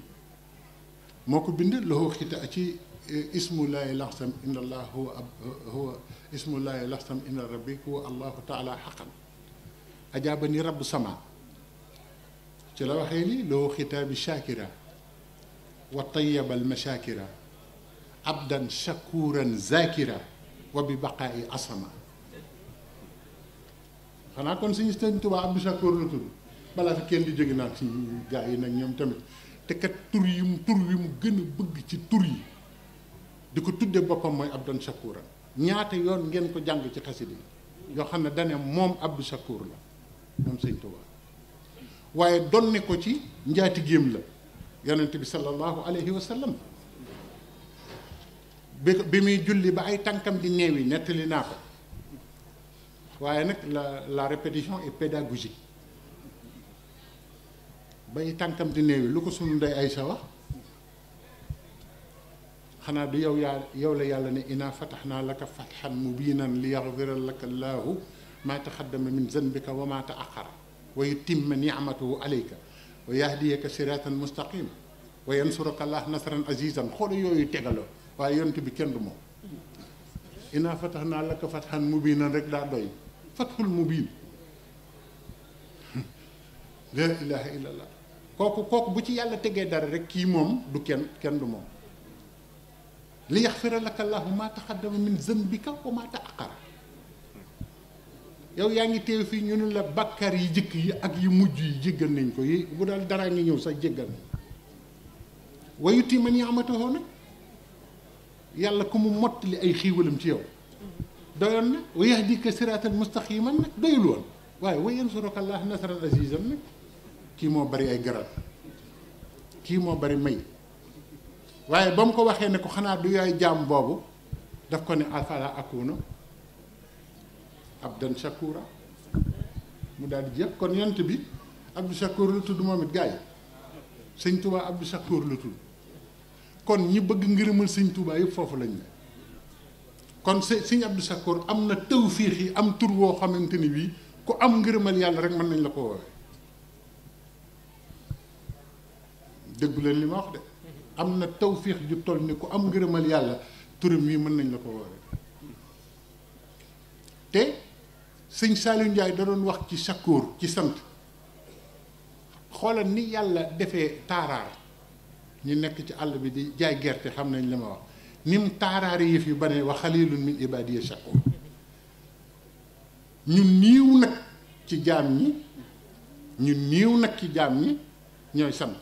moo ko bind loxo xita ci eh, ismu laahi laxsam inna huwa ab huwa ismu laahi laxsam inna huwa allahu taala xaqan ajaaba rabb sama ci la waxee ni loxo xita bi shakira wa tayyabal mashakira abdan shakuran zakira wa bi baqaa'i asama xanaa kon suñu sëñ Tuubaa Abdu Shakuur la tudd balaa fi kenn di jóge naa si gaa yi nag ñoom tamit te kat tur yi mu tur yi mu gën a bëgg ci tur yi di ko tuddee boppam mooy abdan shakuran ñaata yoon ngeen ko jàng ci xasida yi yoo xam ne dane moom Abdu Shakuur la moom sëñ Tuubaa waaye donne ko ci njaati géem la yonent bi sallallahu alayhi wa bi muy julli ba ay tànkam di néew yi nettali naa ko waaye nag la la répétition est pédagogique ba ay tànkam di néew yi lu ko sunu ndey ay sa wax xanaa du yow yaa yow la yàlla ne inaa fataxnaa laka fatxan mubiinan li yaxfira laka llaahu maa taxaddama min zanbika wa maa taaqara wa yutimma nicmatahu alayka wa yahdiyaka siratan mustaqima wa yansuraka allah nasran azizan xoola yooyu tegaloo waaye yonent bi kenn du moom innaa fatahnaa laka fathan mubiinan rek daa doy fathul mubiin laa ilaaha illallah kooku kooku bu ci yàlla tegee dara rek kii moom du kenn kenn du moom li yaxfira laka llaahu maa taqaddama min zanbika wa maa ta'akhkhara yow yaa ngi teew fii ñu ne la bàkkaar yi jëkk yi ak yi mujj yi jéggal nañ ko yi bu daal daraa ngi ñëw sax jéggal nañ wayuti man yaamatahu nag يلا كم مت لأي خيولم تيو دايلنا ويهديك سرات المستقيم انك دايلون واي وينصرك الله نصرا عزيزا منك كي مو بري اي جرال كي مو بري مي واي بامكو واخي نكو خنا دو ياي جام بابو دفكو ني الفا لا اكونو عبدن شكورا مودال جيب كون يونت بي عبد شكور لتود مامت جاي سيغ توبا عبد شكور لتود kon ñi bëgg ngërëmal sëñ Touba yëpp foofu lañ ne kon sëñ Abdou Sakor am na tawfiix yi am tur woo xamante ni bii ku am ngërëmal yàlla rek mën nañ la ko woowee déggu leen li ma wax de am na tawfiix ju toll ni ku am ngërëmal yàlla turam yi mën nañ la ko woowee te sëñ Saliou Ndiaye da doon wax ci Sakor ci sant xoolal ni yàlla defee taaraar ñi nekk ci àll bi di jaay gerte xam nañ li ma wax ni mu taaraare yëf yu bane wa xalilun min ibadiya shakur ñu niiw nag ci jaam ñi ñu niiw nag ci jaam ñi ñooy sant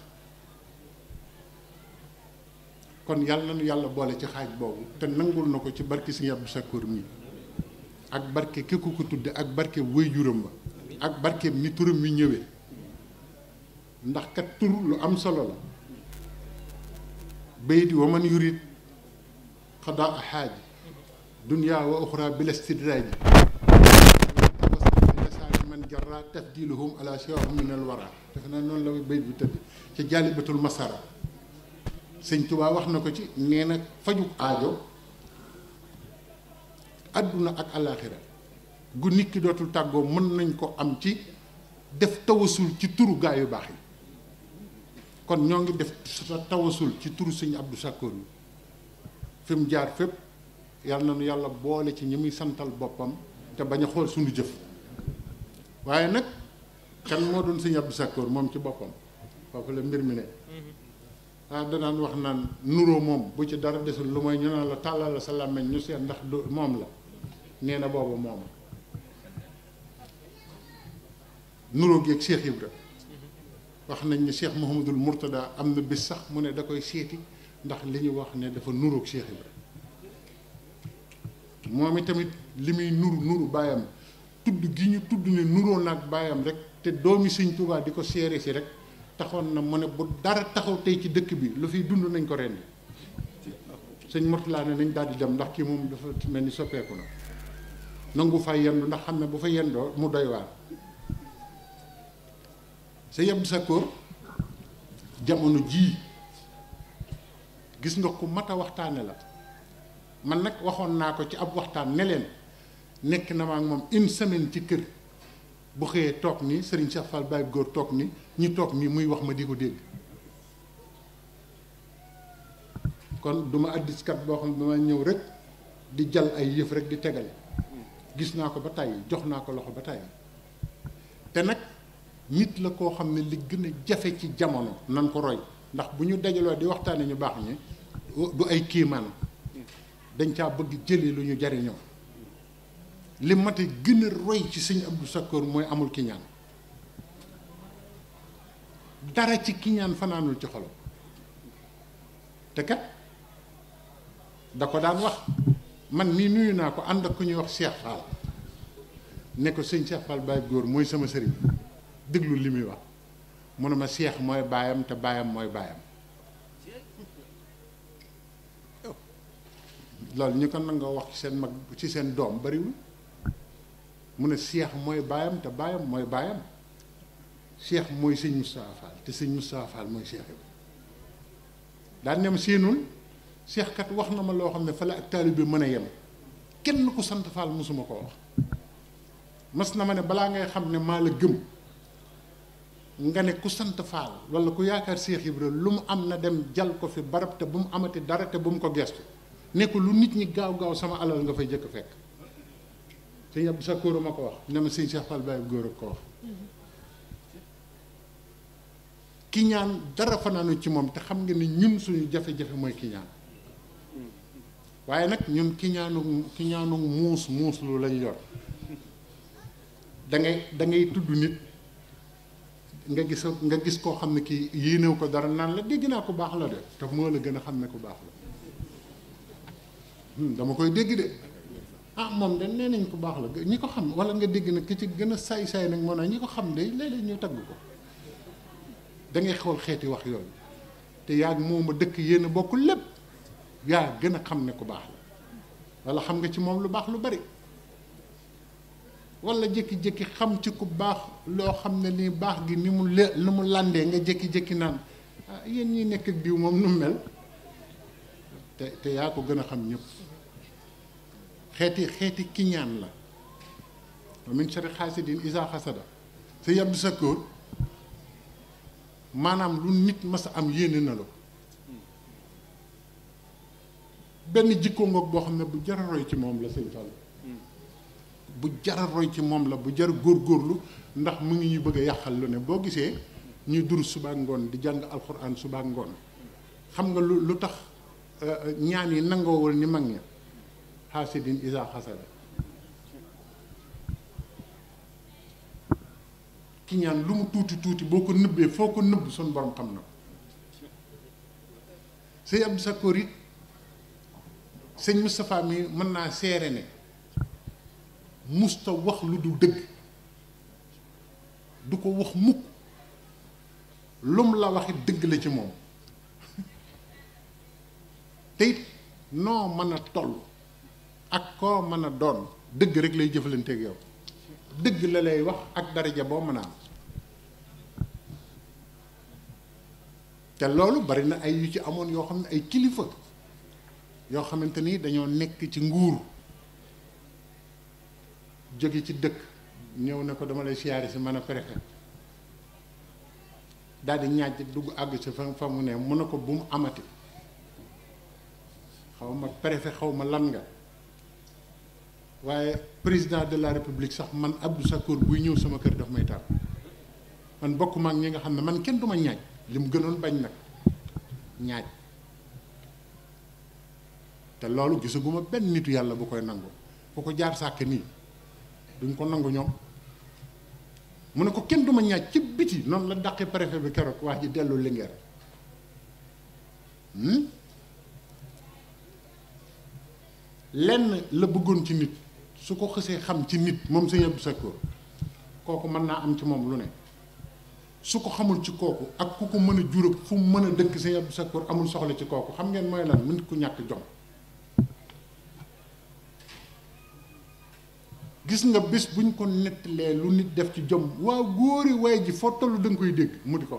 kon yàlla na nu yàlla boole ci xaaj boobu te nangul na ko ci barke si Abdou Sakkoor mi ak barke ki ko tudde ak barke waajuram ba ak barke ni turam wi ñëwee ndax kat tur lu am solo la بيد ومن يريد قضاء حاجة دنيا وأخرى بلا استدراج من جرى تفديلهم على شيوخ من الورى فنا نون لو بيد بتد في جالبة المسارة سيدنا توبا واخنا كو سي نينا فاجوك اديو أدونا اك الاخره غو نيت كي دوتو تاغو من نن كو ام سي ديف توسول سي تورو غايو باخي kon ñoo ngi def sa tawasul ci turu sëñ Abdou Sakkoor yi fi jaar fépp yàlla na nu yàlla boole ci ñi muy santal boppam te bañ a xool suñu jëf waaye nag kan moo doon sëñ Abdou Sakkoor moom ci boppam foofu la mbir mi ne mhm. ah danaan wax naan nuroo moom bu ci dara desul lu mooy ñu naan la tàllal sa làmmeñ ñu seet ndax du moom la nee na booba moom nuroo gi ak Cheikh Ibra wax nañ ne Cheikh Mouhamadul Mourtada am na bés sax mu ne da koy seeti ndax li ñu wax ne dafa nuroog Cheikh Ibra moom itamit li muy nuru nuru baayam tudd gi ñu tudd ne nuroo naag baayam rek te doomi sëñ Tuubaa di ko seere si rek taxoon na mu ne bu dara taxaw tey ci dëkk bi lu fiy dund nañ ko ren sëñ Mourtada ne nañ daal di dem ndax kii moom dafa mel ni soppeeku na nangu fay yendu ndax xam ne bu fa yendoo mu doy waar sëñ Abdou Sakkoor jamono jii gis nga ku mat a waxtaane la man nag waxoon naa ko ci ab waxtaan ne leen nekk na ma moom une semaine ci kër bu xëyee toog ni Serigne Cheikh Fall Baye Góor toog ni ñu toog nii muy wax ma di ko dégg kon du ma boo xam ne ñëw rek di jal ay yëf rek di tegale gis naa ko ba tàyyi jox naa ko loxo ba tàyyi te nag nit la koo xam ne li gën a jafe ci jamono nan ko roy ndax bu ñu dajaloo di waxtaane ñu baax ñi du ay kéemaan dañ caa bëgg jëli lu ñu jariñoo li mate gën a roy ci sëñ Abdou Sakkoor mooy amul kiñaan dara ci kiñaan fanaanul ci xolam te kat da ko daan wax man mii nuyu naa ko ànd ak ku ñuy wax Cheikh Fall ne ko sëñ Cheikh Fall góor mooy sama sëriñ déglu limi wax mu ne ma seex mooy baayam te bayam moy bayam loolu ñu ko nanga wax ci sen mag ci sen dom bari wu ne cheikh moy bayam te bayam moy bayam cheikh moy seigne Moustapha Fall te seigne Moustapha Fall moy cheikh bi daan ne ma seenul seexkat wax na ma lo xamne ne fa la ak taalibe mën a yem kenn ku sant Fall musuma ko wax mas na ma ne balaa ngay xamne ma la gëm nga ne ku sant faal wala ku yaakaar Seex Ibra lu mu am na dem jal ko fi barab te bu mu amati dara te bu mu ko gestu ne lu nit ñi gaaw gaaw sama alal nga fay jëkk fekk sëñ Abdou Sakkoor ma ko wax ne ma sëñ Seex Faal góor a ko wax ki ñaan dara fanaanu ci moom te xam nga ne ñun suñu jafe-jafe mooy ki waaye nag ñun ki kiñaanu muus muus lu lañ yor da dangay tudd nit nga gis nga gis koo xam ne kii yéenew ko dara naan la dégg naa ko baax la de te moo la gën a xam ne ku baax la hmm, dama koy dégg de ah moom de nee nañ ko baax la ñi ko xam wala nga dégg nag ki ci gën a saay-saay nag moo naa ñi ko xam de léeg-léeg ñu tagg ko da xool xeeti wax yooyu te yaa moom a dëkk yéen a bokk lépp yaa gën a xam ne ko baax la wala xam nga ci moom lu baax lu bari wala jékki-jékki xam ci ku baax loo xam ne nii baax gi ni mu lé ni mu landee nga jékki-jékki naan ah yéen ñiy nekk ak moom nu mel te te yaa ko gën a xam ñëpp xeeti xeeti kiñaan la wa min sharri xaasidin isa sa yabdu sa maanaam lu nit mas a am yéene na benn jikko ngoog boo xam ne bu jar ci moom la sëñ Fall bu jara roy ci moom la bu góor góorlu ndax mu ngi ñu bëgg yàqal lu ne boo gisee ñuy dur suba ngoon di jàng alxuraan suba ngoon xam nga lu tax euh, ñaan yi nangoowul ni mag ña xaasidin isa xasada ki ñaan lu mu tuuti tuuti boo ko nëbbee foo ko nëbb suñu borom xam na ko sëñ Abdou Sakor it sëñ Moustapha mi mën naa seere ne musta wax lu du dëgg du ko wax mukk lum la waxit dëgg la ci moom te noo mën a toll ak koo mën a doon dëgg rek lay jëfalanteek yow dëgg la lay wax ak daraja boo mën a te loolu bari na ay yu ci amoon yoo xam ne ay kilifa yoo xamante ni dañoo nekk ci nguur jogi ci dekk ñew na ko dama lay siyaré ci mëna a préfet daal di ñaaj dugg ag ci fam fam mu ne mu ne ko bu mu amati xawma préfet xawma lan nga waaye président de la république sax man Abdou sakour buy ñew sama kër daf may tar man bokkuma ak ñi nga xam man nyaj duma ñaaj nyaj. gënon bañ nak ñaaj té loolu gisuguma ben nitu yalla bu koy nangoo ko ko jaar ni duñ ko nangu ñoom mu ne ko kenn du ma ñaaj ci biti noonu la dàqe préfet bi keroog wax ji dellu Linguère hmm? lenn la bëggoon ci nit su ko xësee xam ci nit moom Sëñ Abdou Sakor kooku mën naa am ci moom lu ne su ko xamul ci kooku ak ku ko mën a juróom fu mu mën a dëkk Sëñ Abdou Sakor amul soxla ci kooku xam ngeen mooy lan mu ku ñàkk jom gis nga bés buñ ko nettalee lu nit def ci jom waaw góori way ji foo tollu da koy dégg mu di ko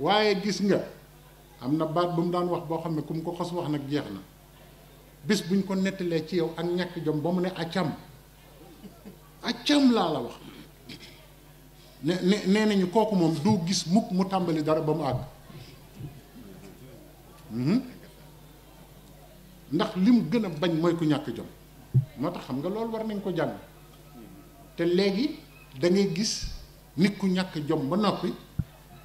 waaye gis nga am na baat bu mu daan wax boo xam ne ku mu ko xos wax nag jeex na bés buñ ko nettalee ci yow ak ñàkk jom ba mu ne acam acam laa la wax ne ne nee nañu kooku moom doo gis mukk mu tàmbali dara ba mu àgg mhm. ndax li mu gën a bañ mooy ku ñàkk jom moo tax xam nga loolu war nañ ko jàng te léegi dangay gis nit ku ñàkk jom ba noppi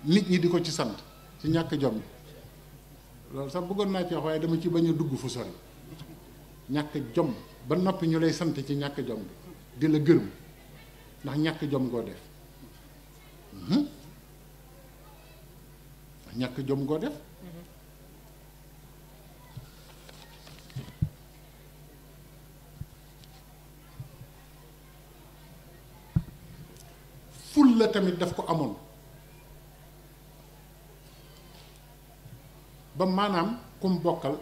nit ñi di ko ci sant ci ñàkk jom loolu sax bëggoon naa ci dama ci bañ a dugg fu sori ñàkk ba noppi ñu lay sant ci ñàkk jom bi di la gërëm ndax ñàkk jom ngoo def hmm? ndax ñàkk jom ngoo def ful la tamit daf ko amoon ba maanaam kum bokkal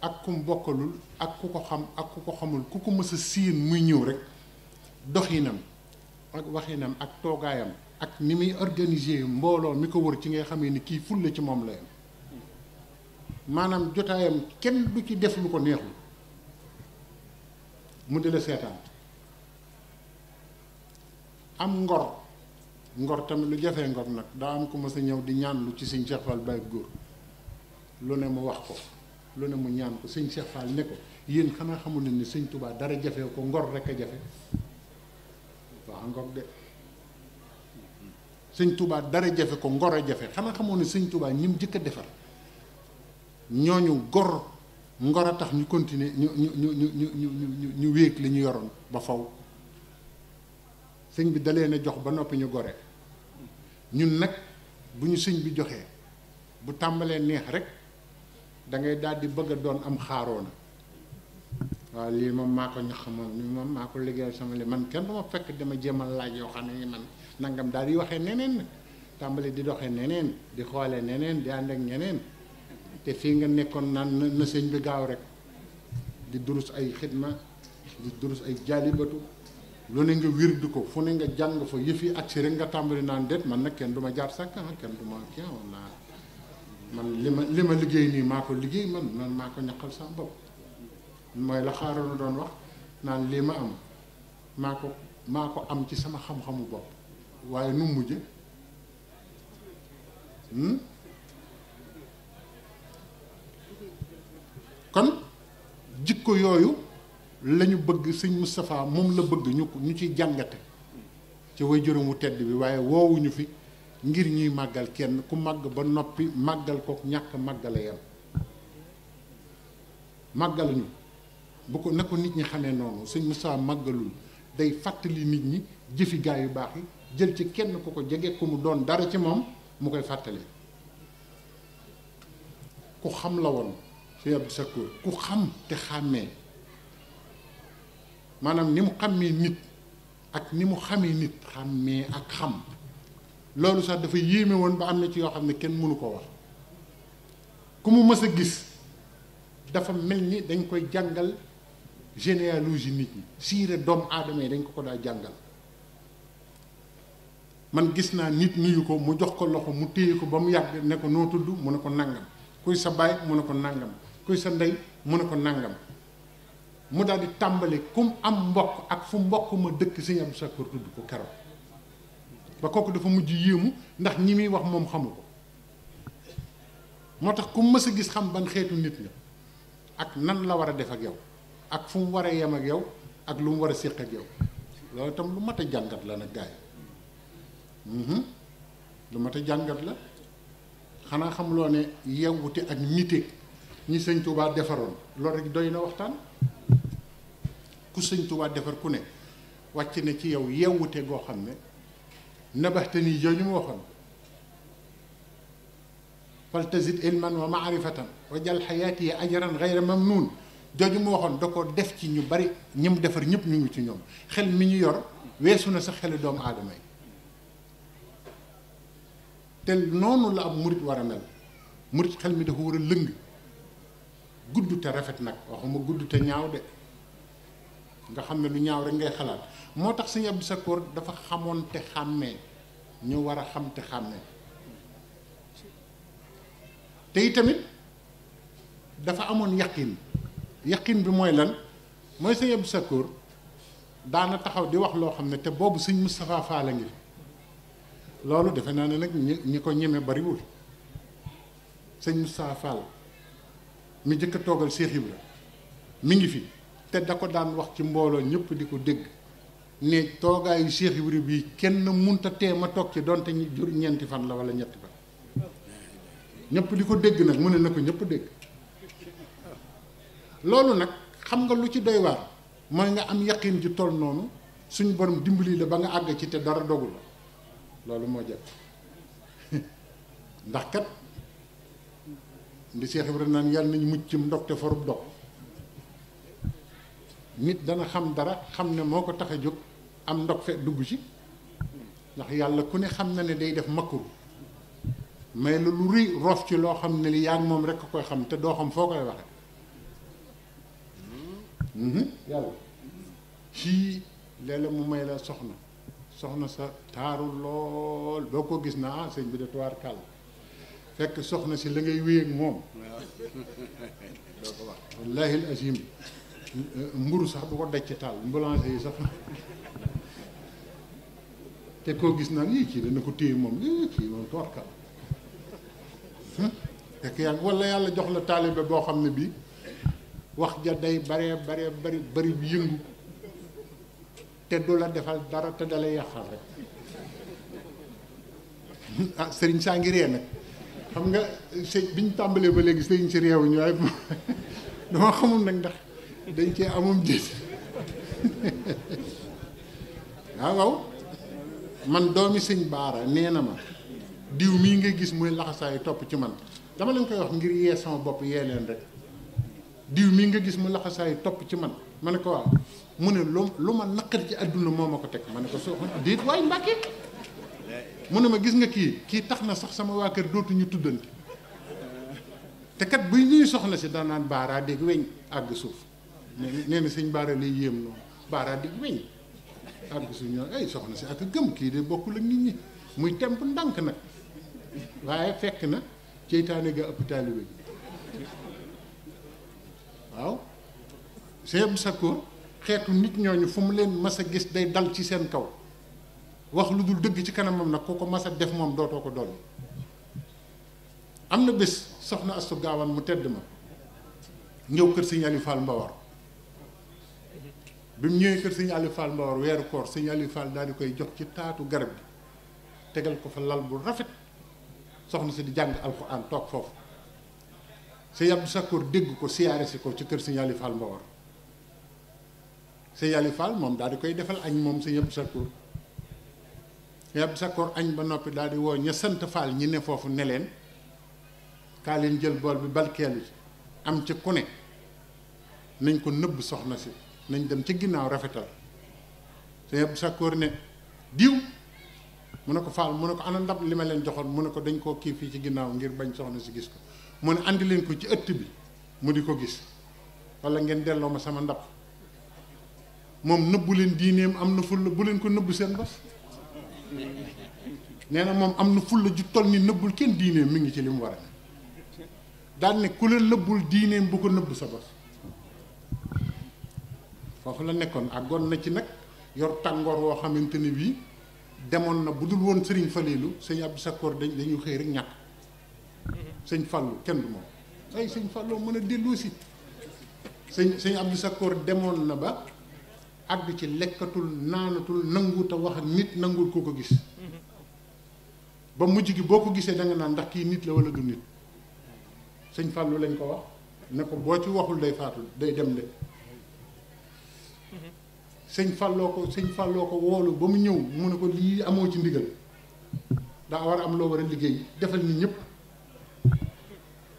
ak kum bokkalul ak ku ko xam ak ku ko xamul ku ko mës a siin muy ñëw rek doxinam ak waxinam ak toogaayam ak ni muy organiser mbooloo mi ko wër ci ngay xamee ni kii fulla ci moom la yam maanaam jotaayam kenn du ci def lu ko neexul mu di la seetaan am ngor ngor tamit lu jafee ngor nag daa am ko mës a ñëw di ñaan lu ci sëñ Cheikh Fall góor lu ne mu wax ko lu ne mu ñaan ko sëñ Cheikh Fall ne ko yéen xanaa xamul ne ni sëñ Touba dara ko ngor rek a jafe waaw ngor sëñ Touba dara jafe ko ngor a jafe xanaa xamoon ne sëñ tubaa ñi mu jëkk a defar ñooñu gor ngor a tax ñu continuer ñu ñu ñu ñu ñu ñu ñu wéeg li ñu yoroon ba faw sëñ bi ne jok jox ba noppi ñu gore ñun nak bu ñu sëñ bi joxé bu tambalé neex rek da ngay daal di bëgg doon am xaaroona wa li mom mako ñax mom lii mom mako ko sama li man kenn dama fekk dama jëmal laaj yo xane man nangam daal di waxé neneen tambalé di doxé neneen di xolé neneen di and ak ñeneen te fi nga nekkon nan na sëñ bi gaaw rek di durus ay xidma di durus ay jaalibatu lu ne nga wirdu ko fu ne nga jàng fa yëf yi agsi rek nga tàmbali naan déet man nag kenn duma ma jaar sàkk ah kenn du ma kii ah, man li ma liggéey nii maa ko liggéey man man maa ko ñaqal sama bopp mooy la xaaroon doon wax naan lii ma am maa ko maa ko am ci sama xam-xamu bopp waaye nu mujje hmm? kon ko yooyu lañu bëgg sëñ Moustapha moom la bëgg ñu ñu ciy jàngate ci way juróom wu tedd bi waaye woowuñu fi ngir ñuy màggal kenn ku màgg ba noppi màggal ko ñàkk màggale yam màggaluñu bu ko na nit ñi xamee noonu sëñ Moustapha màggalul day fàttali nit ñi jëfi gaa yu baax yi jël ci kenn ku ko jege ku mu doon dara ci moom mu koy fàttali ku xam la woon sëñ Abdou Sakkour ku xam te xàmmee maanaam ni mu xàmmee nit ak ni mu xamee nit xàmmee ak xam loolu sax dafa yéeme woon ba am na ci yoo xam ne kenn mënu koo wax ku mu mës a gis dafa mel ni dañ koy jàngal généalogie nit ñi siire doomu aadama yi dañ ko ko daa jàngal man gis naa nit nuyu ko mu jox ko loxo mu téye ko ba mu yàgg ne ko noo tudd mu ne ko nangam kuy sa baay mu ne ko nangam kuy sa ndey mu ne ko nangam mu daal di tàmbali ku am mbokk ak fu mbokk ma dëkk sëñ Abdou Sakor tudd ko keroog ba kooku dafa mujj yéemu ndax ñi muy wax moom xamu ko moo tax ku ma a gis xam ban xeetu nit nga ak nan la war a def ak yow ak fu mu war a yem ak yow ak lu mu war a séq ak yow loolu itam lu mat a jàngat la nag gars mhm. lu mat a jàngat la xanaa xamuloo ne yewwute ak niteeg ñi sëñ Tuubaa defaroon loolu rek doy na waxtaan كسين توبا دفر كونه واتي نتي يو يو تي غو خامني نبهتني جوني مو خام فالتزيد علما ومعرفة وجعل حياتي أجرا غير ممنون جوني مو خام دوكو ديف تي ني بري نيم دفر نيب نيغي تي نيوم خيل مي ني يور ويسونا سا خيل دوم ادمي تل نونو لا ام مريد ورا مل مريد خيل مي دا نك واخما غودو تا دي nga xam ne lu ñaaw rek ngay xalaat moo tax sëñ Abdou Sakor dafa xamoon te xàmmee ñu war a xam te xàmmee te itamit dafa amoon yaqin yaqin bi mooy lan mooy sëñ Abdou Sakor daana taxaw di wax loo xam ne te boobu sëñ Moustapha a ngi loolu defe naa ne nag ñi ñi ko ñeme bariwul sëñ Moustapha Fall mi jëkk a toogal Cheikh Ibra mi ngi fi. te da ko daan wax ci mbolo ñepp diko ko ne toogaayu Cheikh ibri bi kenn munta te ma tok ci donte ñi jur ñenti fan la wala ñetti fan ñepp diko ko dégg nag mu ne na ko ñëpp dégg loolu xam nga lu ci doy war moy nga am yaqeen ju tol nonu suñ borom dimbali la ba nga ag ci te dara dogul lolu mo moo ndax kat ndi Cheikh ibrahim nan yalla ñu mucc ci ndox te forub nit dana xam dara xam ne moo ko tax a jóg am ndog fe dugg ci ndax yàlla ku ne xam na ne day def makkur mais lu lu rëy rof ci loo xam ne li yaa ngi moom rek koy xam te doo xam foo koy waxe yàlla sii leeg mu may la soxna soxna sa taaru lool boo ko gis naa sëñ bi de tuwaar kàll fekk soxna si la ngay wéy ak moom wallahi al azim mburu sax bu ko daj ci taal boulanger yi sax te koo gis naan yii ci dana ko téye moom lii kii moom tuwarkal fekk yaa yàlla jox la taalibe boo xam ne bii wax ja day baree baree bari yëngu te du la defal dara te dalay yàqal rek ah sëriñ saa ngi ree nag xam nga sëñ biñ ñu tàmbalee ba léegi sëriñ si réewuñu waaye dama xamul nag ndax dañ cee amum jiit waaw ah, waaw man doomi sëñ baara nee na ma diw mii nga gis muy laxasaayu topp ci man dama leen koy wax ngir yee sama bopp yee leen rek diw mii nga gis mu laxasaayu topp ci man ma ne ko waaw mu ne lu lu ma naqari ci àdduna moo ma ko teg ma ne ko soo déet waaye mbàkke mu ne ma gis nga kii kii tax na sax sama waa kër dootuñu tuddante te kat buy ñuy soxna si daanaan baaraa dégg weñ àgg suuf nee nee na sëñ Baara lay yéem noonu Baara di weñ àgg suñu ay soxna si ak gëm kii de bokkul ak nit ñi muy temp ndànk nag waaye fekk na ceytaane ga ëpp taalibe bi waaw sëñ Sakkoor xeetu nit ñooñu fu mu leen mas a gis day dal ci seen kaw wax lu dul dëgg ci kanamam nag ku ko mas def moom dootoo ko doon am na bés soxna astu gaawaan mu tedd ma ñëw kër sëñ Aliou Mbawar bi mu ñëwee kër sëñ Aliou Fall weeru koor sëñ Aliou Fall di koy jox ci taatu garab gi tegal ko fa lal bu rafet soxna si di jàng alxuraan toog foofu sëñ Abdou Sakkoor dégg ko siyaare si ko ci kër sëñ Aliou Fall Mbawar sëñ moom daal di koy defal añ moom sëñ Abdou Sakkoor sëñ Abdou Sakkoor añ ba noppi daal di woo ña sant Fall ñi ne foofu ne leen kaa leen jël bool bi balkeelu ci am ci ku ne nañ ko nëbb soxna si nañ dem ci ginnaaw rafetal sëñ Abdou Sakkoor ne diw mu ne ko faal mu ne ko ana ndab li ma leen joxoon mu ne ko dañ koo kii fii ci ginnaaw ngir bañ soxna si gis ko mu ne andi leen ko ci ëtt bi mu di ko gis walla ngeen delloo ma sama ndab moom nëbbu leen diineem am na fulla bu leen ko nëbbu seen bos nee na moom am na fulla ju toll ni nëbbul kenn diineem mi ngi ci li mu war a daan ne ku la nëbbul diineem bu ko nëbbu sa bos foofu la nekkoon ak àggoon na ci nag yor tàngoor woo xamante ni bii demoon na bu dul woon sëriñ Faliilu sëñ Abdou Sakkoor dañ dañu xëy rek ñàkk sëñ Fallou kenn du moom ay sëñ Fallou mën a dellu si sëñ sëñ Abdou Sakkoor demoon na ba àgg ci lekkatul naanatul nangu te wax nit nangu ko ko gis ba mujj gi boo ko gisee danga naan ndax kii nit la wala du nit sëñ Fallou lañ ko wax ne ko boo ci waxul day faatu day dem de sëñ falloo ko sëñ falloo ko woolu ba mu ñëw mu ne ko lii amoo ci ndigal daa war a am loo war a liggéey defal ni ñëpp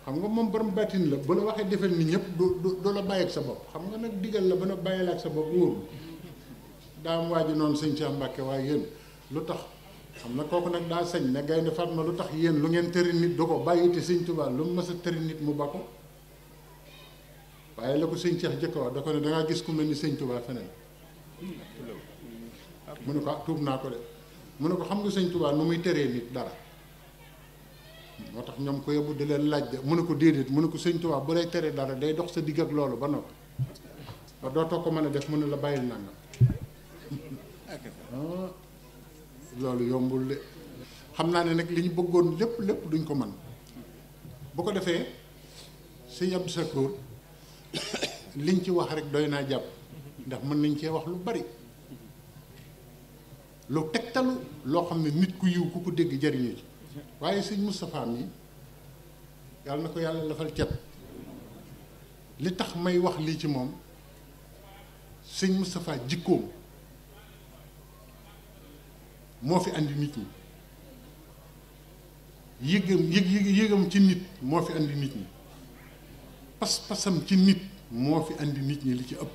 xam nga moom borom bàttin la bu la waxee defal ni ñëpp du du la bàyyi ak sa bopp xam nag digal la ba na bàyyi sa bopp wóorul daa am waaju noonu sëñ Cheikh Mbacke waaye yéen lu tax xam na kooku nag daa sañ ne gaynde ma lu tax yéen lu ngeen tëri nit du ko bàyyi te sëñ Tuubaa lu mu mës a tëri nit mu ba ko waaye la ko sëñ Cheikh jëkk wax da ko ne da gis ku mel ni sëñ Touba feneen mu ne ko ah, tuub naa ko de mu ne ko xam nga sëñ Touba nu muy teree nit dara moo tax ñoom ko yóbbu di leen laaj de mu ne ko déedéet mun ne ko sëñ Touba bu lay teree dara day dox sa digg ak loolu ba noppi ba dootoo ko mën a def mu ne la bàyyil nangam loolu yombul de xam naa ne nag li ñu bëggoon lépp lépp duñ ko mën bu ko defee sëñ Abdou Sakour liñ ci wax rek doy naa jàpp ndax mën nañ cee wax lu bari lu tegtalu loo xam ne nit ku yiw ku ko dégg jariñu ci waaye sëñ Moustapha mi yàlla na ko yàlla lafal cet li tax may wax lii ci moom sëñ Moustapha jikkoom moo fi andi nit ñi yëgam yëg yëgam ci nit moo fi andi nit ñi pas-pasam ci nit moo fi andi nit ñi li ci ëpp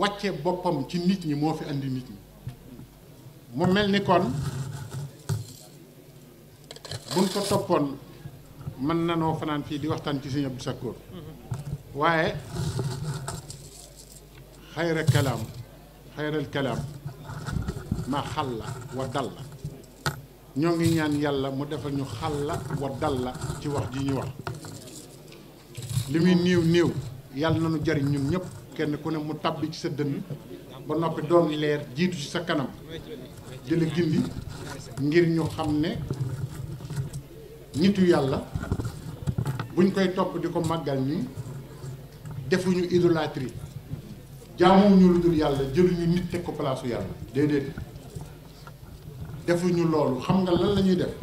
wàcce boppam ci nit ñi moo fi andi nit ñi mu mel ni kon buñ ko toppoon mën nanoo fanaan fii di waxtaan ci Sëñ Abdou Sakkoor waaye xayra kalaam xayral kalaam ma xalla wa dalla ñoo ngi ñaan yàlla mu defal ñu wa dalla ci wax ji ñu wax li muy niiw niiw yàlla na nu jariñ ñun ñëpp kenn ku ne mu tàbbi ci sa dënn ba noppi doon leer jiitu ci sa kanam di gindi ngir ñu xam ne nitu yàlla buñ koy topp di ko màggal nii defuñu idolâtrie jaamuwuñu lu dul yàlla jëluñu nit teg ko palaasu yàlla déedéet defuñu loolu xam nga lan lañuy ñuy def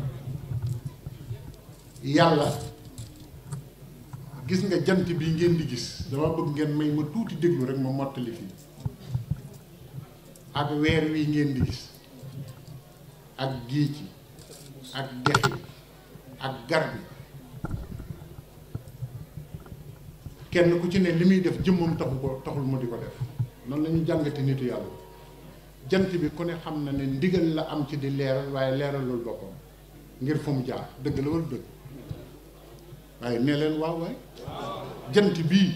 yàlla gis nga jant bi ngeen di gis dama bëgg ngeen may ma tuuti déglu rek ma mottali fii ak weer wi ngeen di gis ak géej gi ak dex ak gar kenn ku ci ne li muy def jëmmam taxu taxul mu di ko def noonu la ñu jàngate nitu yàlla jant bi ku ne xam na ne ndigal la am ci di leeral waaye leeralul boppam ngir fa mu jaar dëgg la wala dëgg waaye nee leen waaw waay jant bii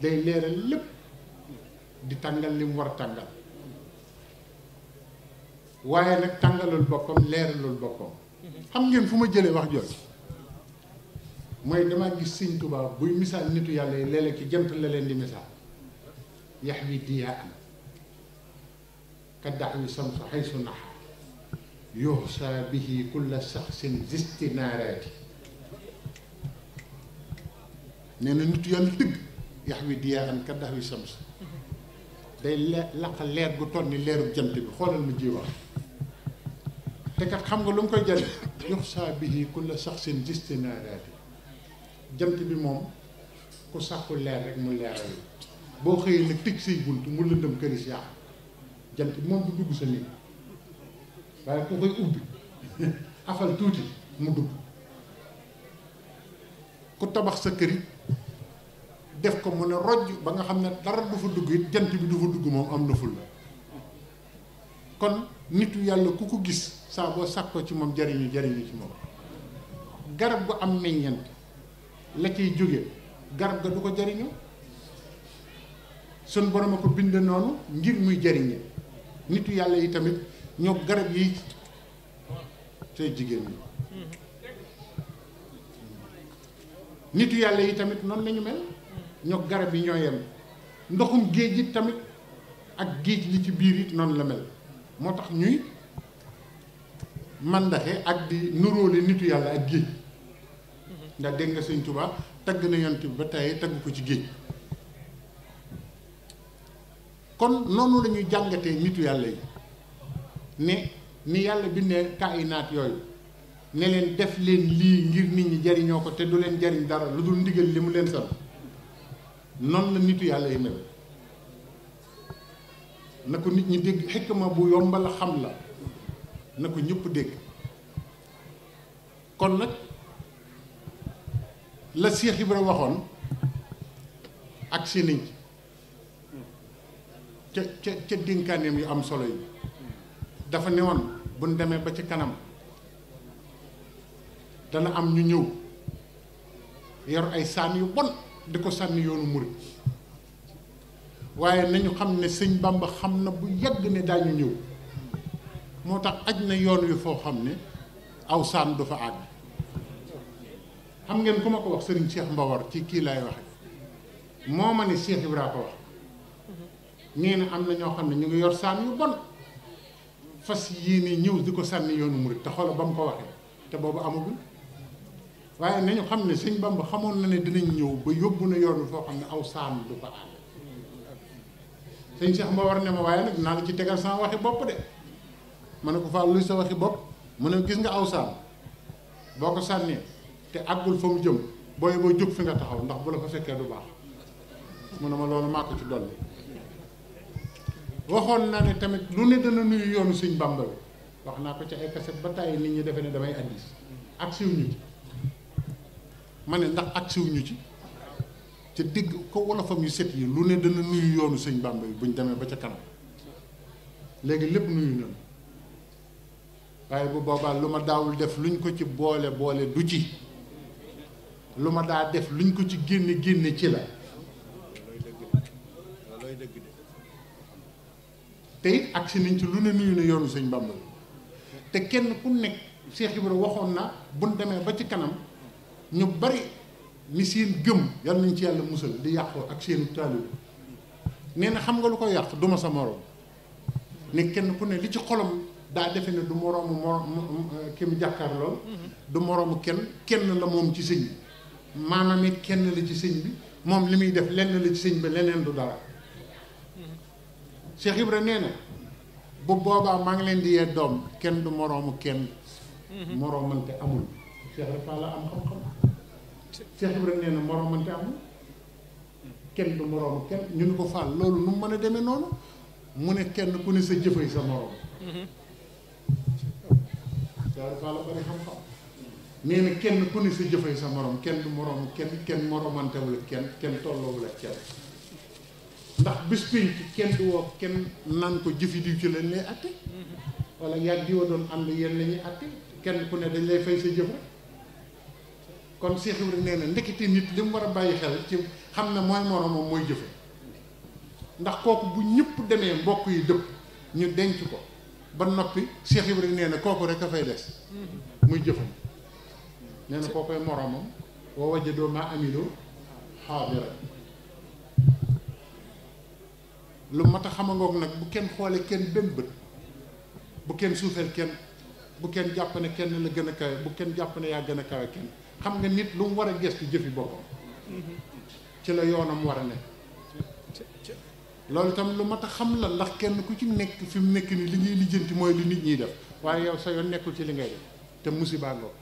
day leeral lépp di tàngal li mu war a tàngal waaye nag tàngalul boppam leeralul boppam xam ngeen fu ma jëlee wax jooju mooy damaa gis sëñ Tuubaa buy misaal nitu yàlla yi léeg-léeg ci jant la leen di misaal yax wi diyaa am ka dax wi samsu xaysu naxa yuxsa bihi kulla saxsin zistinaaraati nee na nitu yàlla dëgg yax wi diyaa an ka dax wi sams day laq leer gu toll ni leerub jant bi xoolal mu ji wax te kat xam nga lu mu koy jël jox saa bihi ku la sax seen giste naaraati jant bi moom ku saxu leer rek mu leeral boo xëyee nag tëj say bunt mu lëndëm këris yàq jant bi moom du dugg sa néeg waaye ku koy ubbi afal tuuti mu dugg ku tabax sa këri def ko mu ne rojj ba nga xam ne dara du fa dugg it jant bi du fa dugg moom am na ful kon nitu yàlla ku ko gis saa boo sàkkoo ci moom jariñu jariñu ci moom garab gu am meññent la ciy jóge garab ga du ko jariñu sun borom a ko bind noonu ngir muy jariñe nitu yàlla yi tamit ñoo garab yi tey jigéen ñi mm-hmm. nitu yàlla yi tamit noonu lañu mel ñoo garab yi ñoo yem ndoxum géej it tamit ak géej li ci biir it noonu la mel moo tax ñuy mandaxe ak di nuróole nitu yàlla ak géej ndax dégg nga sëñ Tuubaa tagg na yonent bi ba tey tagg ko ci géej kon noonu la ñuy jàngatee nitu yàlla yi ne ni yàlla bindee kaayinaat yooyu ne leen def leen lii ngir nit ñi jariñoo ko te du leen jariñ dara lu dul ndigal li mu leen sant noonu la nitu yàlla yi mel na ko nit ñi dégg xikma bu yomb xam la na ko ñëpp dégg kon nag la Cheikh ba waxoon ak si nañ ci ca ca ca dénkaaneem yu am solo yi dafa ne woon buñ demee ba ci kanam dana am ñu ñëw yor ay saam yu bon di ko sànni yoonu murit waaye nañu xam ne sëñ Bamba xam na bu yàgg ne daañu ñëw moo tax aj na yoon wi foo xam ne aw saan du fa àgg xam ngeen ku ma ko wax sëriñ Cheikh Mbawar ci kii laay waxe moo ma ne Cheikh Ibrahima ko wax nee na am na ñoo xam ne ñu ngi yor saan yu bon fas yii nii ñëw di ko sànni yoonu murit te xoolal ba mu ko waxee te boobu amagul waaye nañu xam ne sëñ Bamba xamoon na ne dinañ ñëw ba yóbbu na yoon foo xam ne aw saam du ko ànd sëñ Cheikh ma war ne ma waaye nag naa la ci tegal sama waxi bopp de ma ne ko faa luy sa waxi bopp mu ne gis nga aw saam boo ko sànnee te àggul fa mu jëm booy boo jóg fi nga taxaw ndax bu la ko fekkee du baax mu ne ma loolu maa ko ci dolli waxoon naa ne tamit lu ne dana nuyu yoonu sëñ Bamba bi wax naa ko ci ay kaset ba tàyyi nit ñi defe ne damay addis ak siw ñu ci ma ne ndax agsi wuñu ci te dégg ko wolofam yu set yi lu ne dana nuyu yoonu sëñ Bàmba buñ demee ba ca kanam léegi lépp nuyu nañu waaye bu boobaa lu ma daawul def luñ ko ci boole boole du ci lu ma daa def luñ ko ci génne génne ci la te it agsi niñ ci lu ne nuyu na yoonu sëñ Bàmba te kenn ku nekk Cheikh Ibrahima waxoon na buñ demee ba ci kanam ñu bari li seen gëm yal nañ ci yàlla musal di yàqoo ak seen taalibe nee na xam nga lu ko yàq duma sa morom ni kenn ku ne li ci xolam daa defe ne du moroomu moroom eh, jàkkaarloo mm-hmm. du moroomu kenn kenn la moom ci sëñ bi maanaam it kenn la ci sëñ bi moom li muy def lenn la ci sëñ bi leneen du dara mm-hmm. Cheikh Ibra nee na bu boobaa maa ngi leen di yee doom kenn du moroomu kenn mm-hmm. moroomante amul Cheikh dafa la am xam-xam Cheikh Ibrahima nee na moromante amul kenn du moroom kenn ñu ne ko faal loolu nu mu mën a demee noonu mu ne kenn ku ne sa jëfay sa morom. daal kenn ku ne sa jëfay sa morom kenn du moroom kenn kenn moromantewul kenn kenn tolloowul ak ndax bis pénc kenn du woo kenn naan ko jëfi diw ci leen lay atte wala yàgg diwa doon ànd yéen la ñuy kenn ku ne dañ lay fay sa jëf kon Cheikh Ibrahima nee na ndekete nit li mu war a bàyyi xel ci xam ne mooy moroomam mooy jëfe ndax kooku bu ñëpp demee mbokk yi dëpp ñu denc ko ba noppi Cheikh rek nee na kooku rek a fay des muy jëfam nee na kookoy moroomam wa wajadoo maa amiloo xaadira lu mat a xamangoog nag bu kenn xoolee kenn benn bët bu kenn suufeel kenn bu kenn jàpp ne kenn la gën a kawe bu kenn jàpp ne yaa gën a kawe kenn xam nga nit lu mu war a gëstu jëfi boppam ci la yoonam war a nekk loolu itam lu ma tax xam la ndax kenn ku ci nekk fi mu nekk nii li ngay lijjanti mooy lu nit ñiy def waaye yow sa yoon nekkul ci li ngay def te musiba ngoo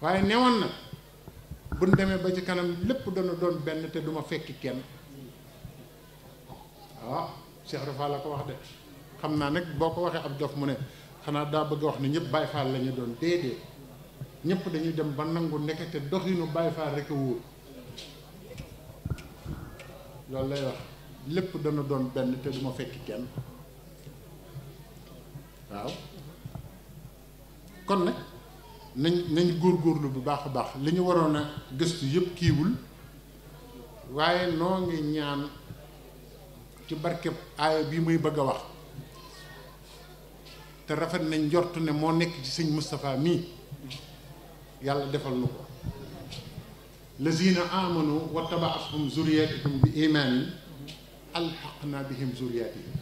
waaye newoon na buñ demee ba ci kanam lépp dana doon benn te duma fekki kenn waaw Cheikh Rafa la ko wax de xam naa nag boo ko waxee ab dof mu ne xanaa daa bëgg wax ne ñëpp Baay Faal la doon déedéet ñëpp dañuy dem ba nangu ndekete doxinu Baay Faal rek a wóor loolu lay wax lépp dana doon benn te duma fekk kenn waaw kon nag nañ nañ góorgóorlu bu baax a baax li ñu waroon a gëstu yëpp kiiwul waaye noo ngi ñaan ci barkeb aaya bi muy bëgg a wax te rafet nañ njort ne moo nekk ci sëñ Moustapha mii يالله دفل نكو الذين امنوا واتبعهم ذرياتهم بايمان الحقنا بهم ذرياتهم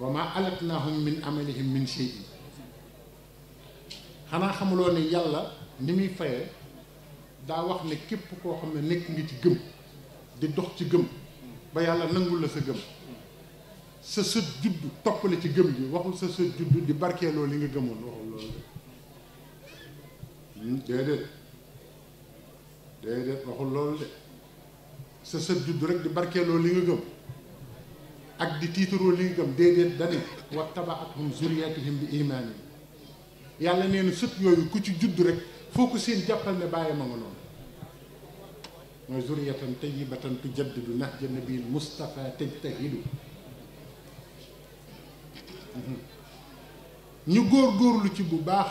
وما علقناهم من عملهم من شيء خنا خملو ني يالا نيمي فاي دا واخ ني كيب كو خامي نيك نغي تي گم دي دوخ تي گم با يالا نانگول لا سا گم سا سا جود توپلي تي گم جي واخول سا سا جود دي باركيلو لي نغي گمون واخول لولو déedéet déedéet waxul loolu de sa sët juddu rek di barkeeloo li nga gëm ak di tiitaroo li nga gëm déedéet dani wa tabaatuhum zuriyatihim bi imaani yàlla nee na sët yooyu ku ci juddu rek foo ko seen jàppal ne bàyyi ma nga noonu mooy zuriyatan tayyibatan tujaddidu nahja nabil Mustafa tajtahidu ñu góor góorlu ci bu baax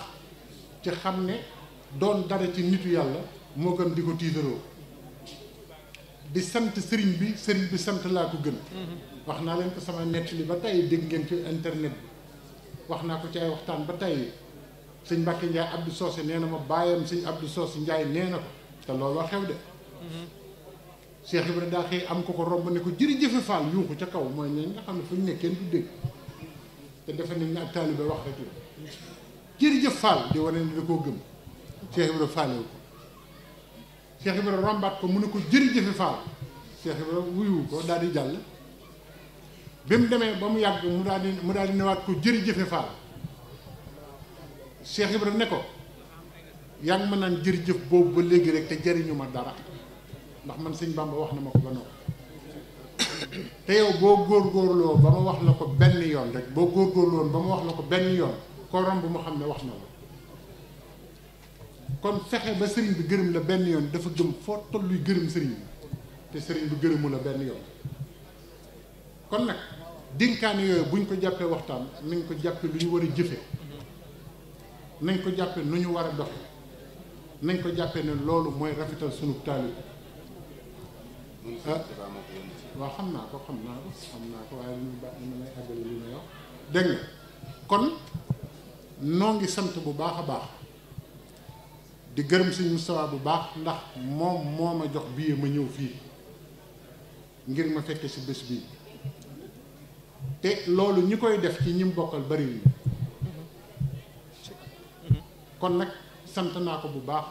ci xam ne doon dara ci nitu yàlla moo gën di ko tiitaroo di sant sëriñ bi sëriñ bi sant laa ko gën wax naa leen ko sama nettali ba tey dégg ngeen ci internet bi wax naa ko ci ay waxtaan ba tey sëñ Mbàkke Njaay Abdou Socé nee na ma bàyyam sëñ Abdou Socé Njaay nee na ko te looloo xew de Cheikh Ibrahima daa xëy am ko ko romb ne ko jërëjëfe Fall yuuxu ca kaw mooy ne nga xam ne fu ñu ne kenn du dégg te defe nañ ne ab wax rek la jërëjëf Fall di wane ne da koo gëm Cheikh Ibrahima faalewu ko Cheikh Ibrahima rombaat ko mu ne ko jërëjëfe faal Cheikh Ibrahima wuyu ko daal di jàll bi mu demee ba mu yàgg mu daal di mu daal di newaat ko jërëjëfe faal Cheikh ne ko yaa ngi ma naan jëf boobu ba léegi rek te jariñu ma dara ndax man sëñ Bamba wax na ma ko ba noppi te yow boo góorgóorloo ba ma wax la ko benn yoon rek boo góorgóorloo ba ma wax la ko benn yoon koo romb mu xam ne wax na la kon fexe ba sëriñ bi gërëm la benn yoon dafa gëm foo tolluy gërëm sëriñ bi te sëriñ bi gërëmu la benn yoon kon nag dénkaane yooyu buñ ko jàppee waxtaan nañ ko jàppe lu ñu war a jëfe ko jàppe nu ñu war a doxe nañ ko jàppee ne loolu mooy rafetal sunu taalib ah, waaw xam naa ko xam naa ko xam naa ko waaye lu ñu ba ñu may àggale li may wax dégg nga kon noo ngi sant bu baax a baax di gërëm suñu Moustapha bu baax ndax moom moom a jox billet ma ñëw fii ngir ma fekke si bés bii te loolu ñi koy def ci ñim bokkal bari ñu kon nag sant naa ko bu baax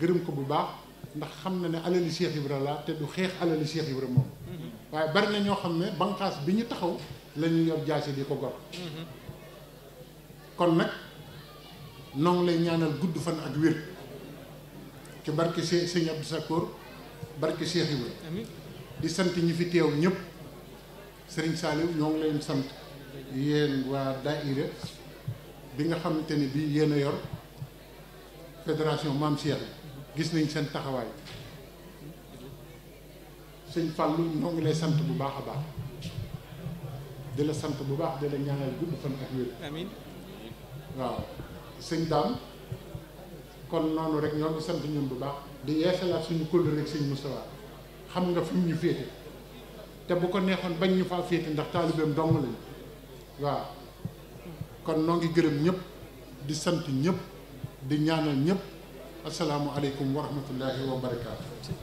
gërëm ko bu baax ndax xam na ne alali Cheikh Ibra la te du xeex alali Cheikh Ibra moom waaye bari na ñoo xam ne banqaas bi ñu taxaw lañuy ñu yor jaasi di ko gor kon nag non lay ñaanal gudd fan ak wir ci barke see seigne Abdou Sakkoor barke Cheikh ibou amin di sant ñi fi tew ñep serigne Saliou ñoo ngi leen sant yeen wa daire bi nga xamanteni bi yeena yor federation mam Cheikh gis nañ sen taxaway seigne fallu ñoo ngi lay sant bu baaxa baax di la sant bu baax di la ñaanal gudd fan ak wir amin waaw. sëñ daam kon noonu rek ñoo ngi sant ñun bu baax di yeesalaat suñu kóllëre rek sëñ Moustapha xam nga fi mu ñu féete te bu ko neexoon bañ ñu faa féete ndax taalibeem dong lañu waaw kon noo ngi gërëm ñëpp di sant ñëpp di ñaanal ñëpp asalaamualeykum wa rahmatullahi wa barakaatu.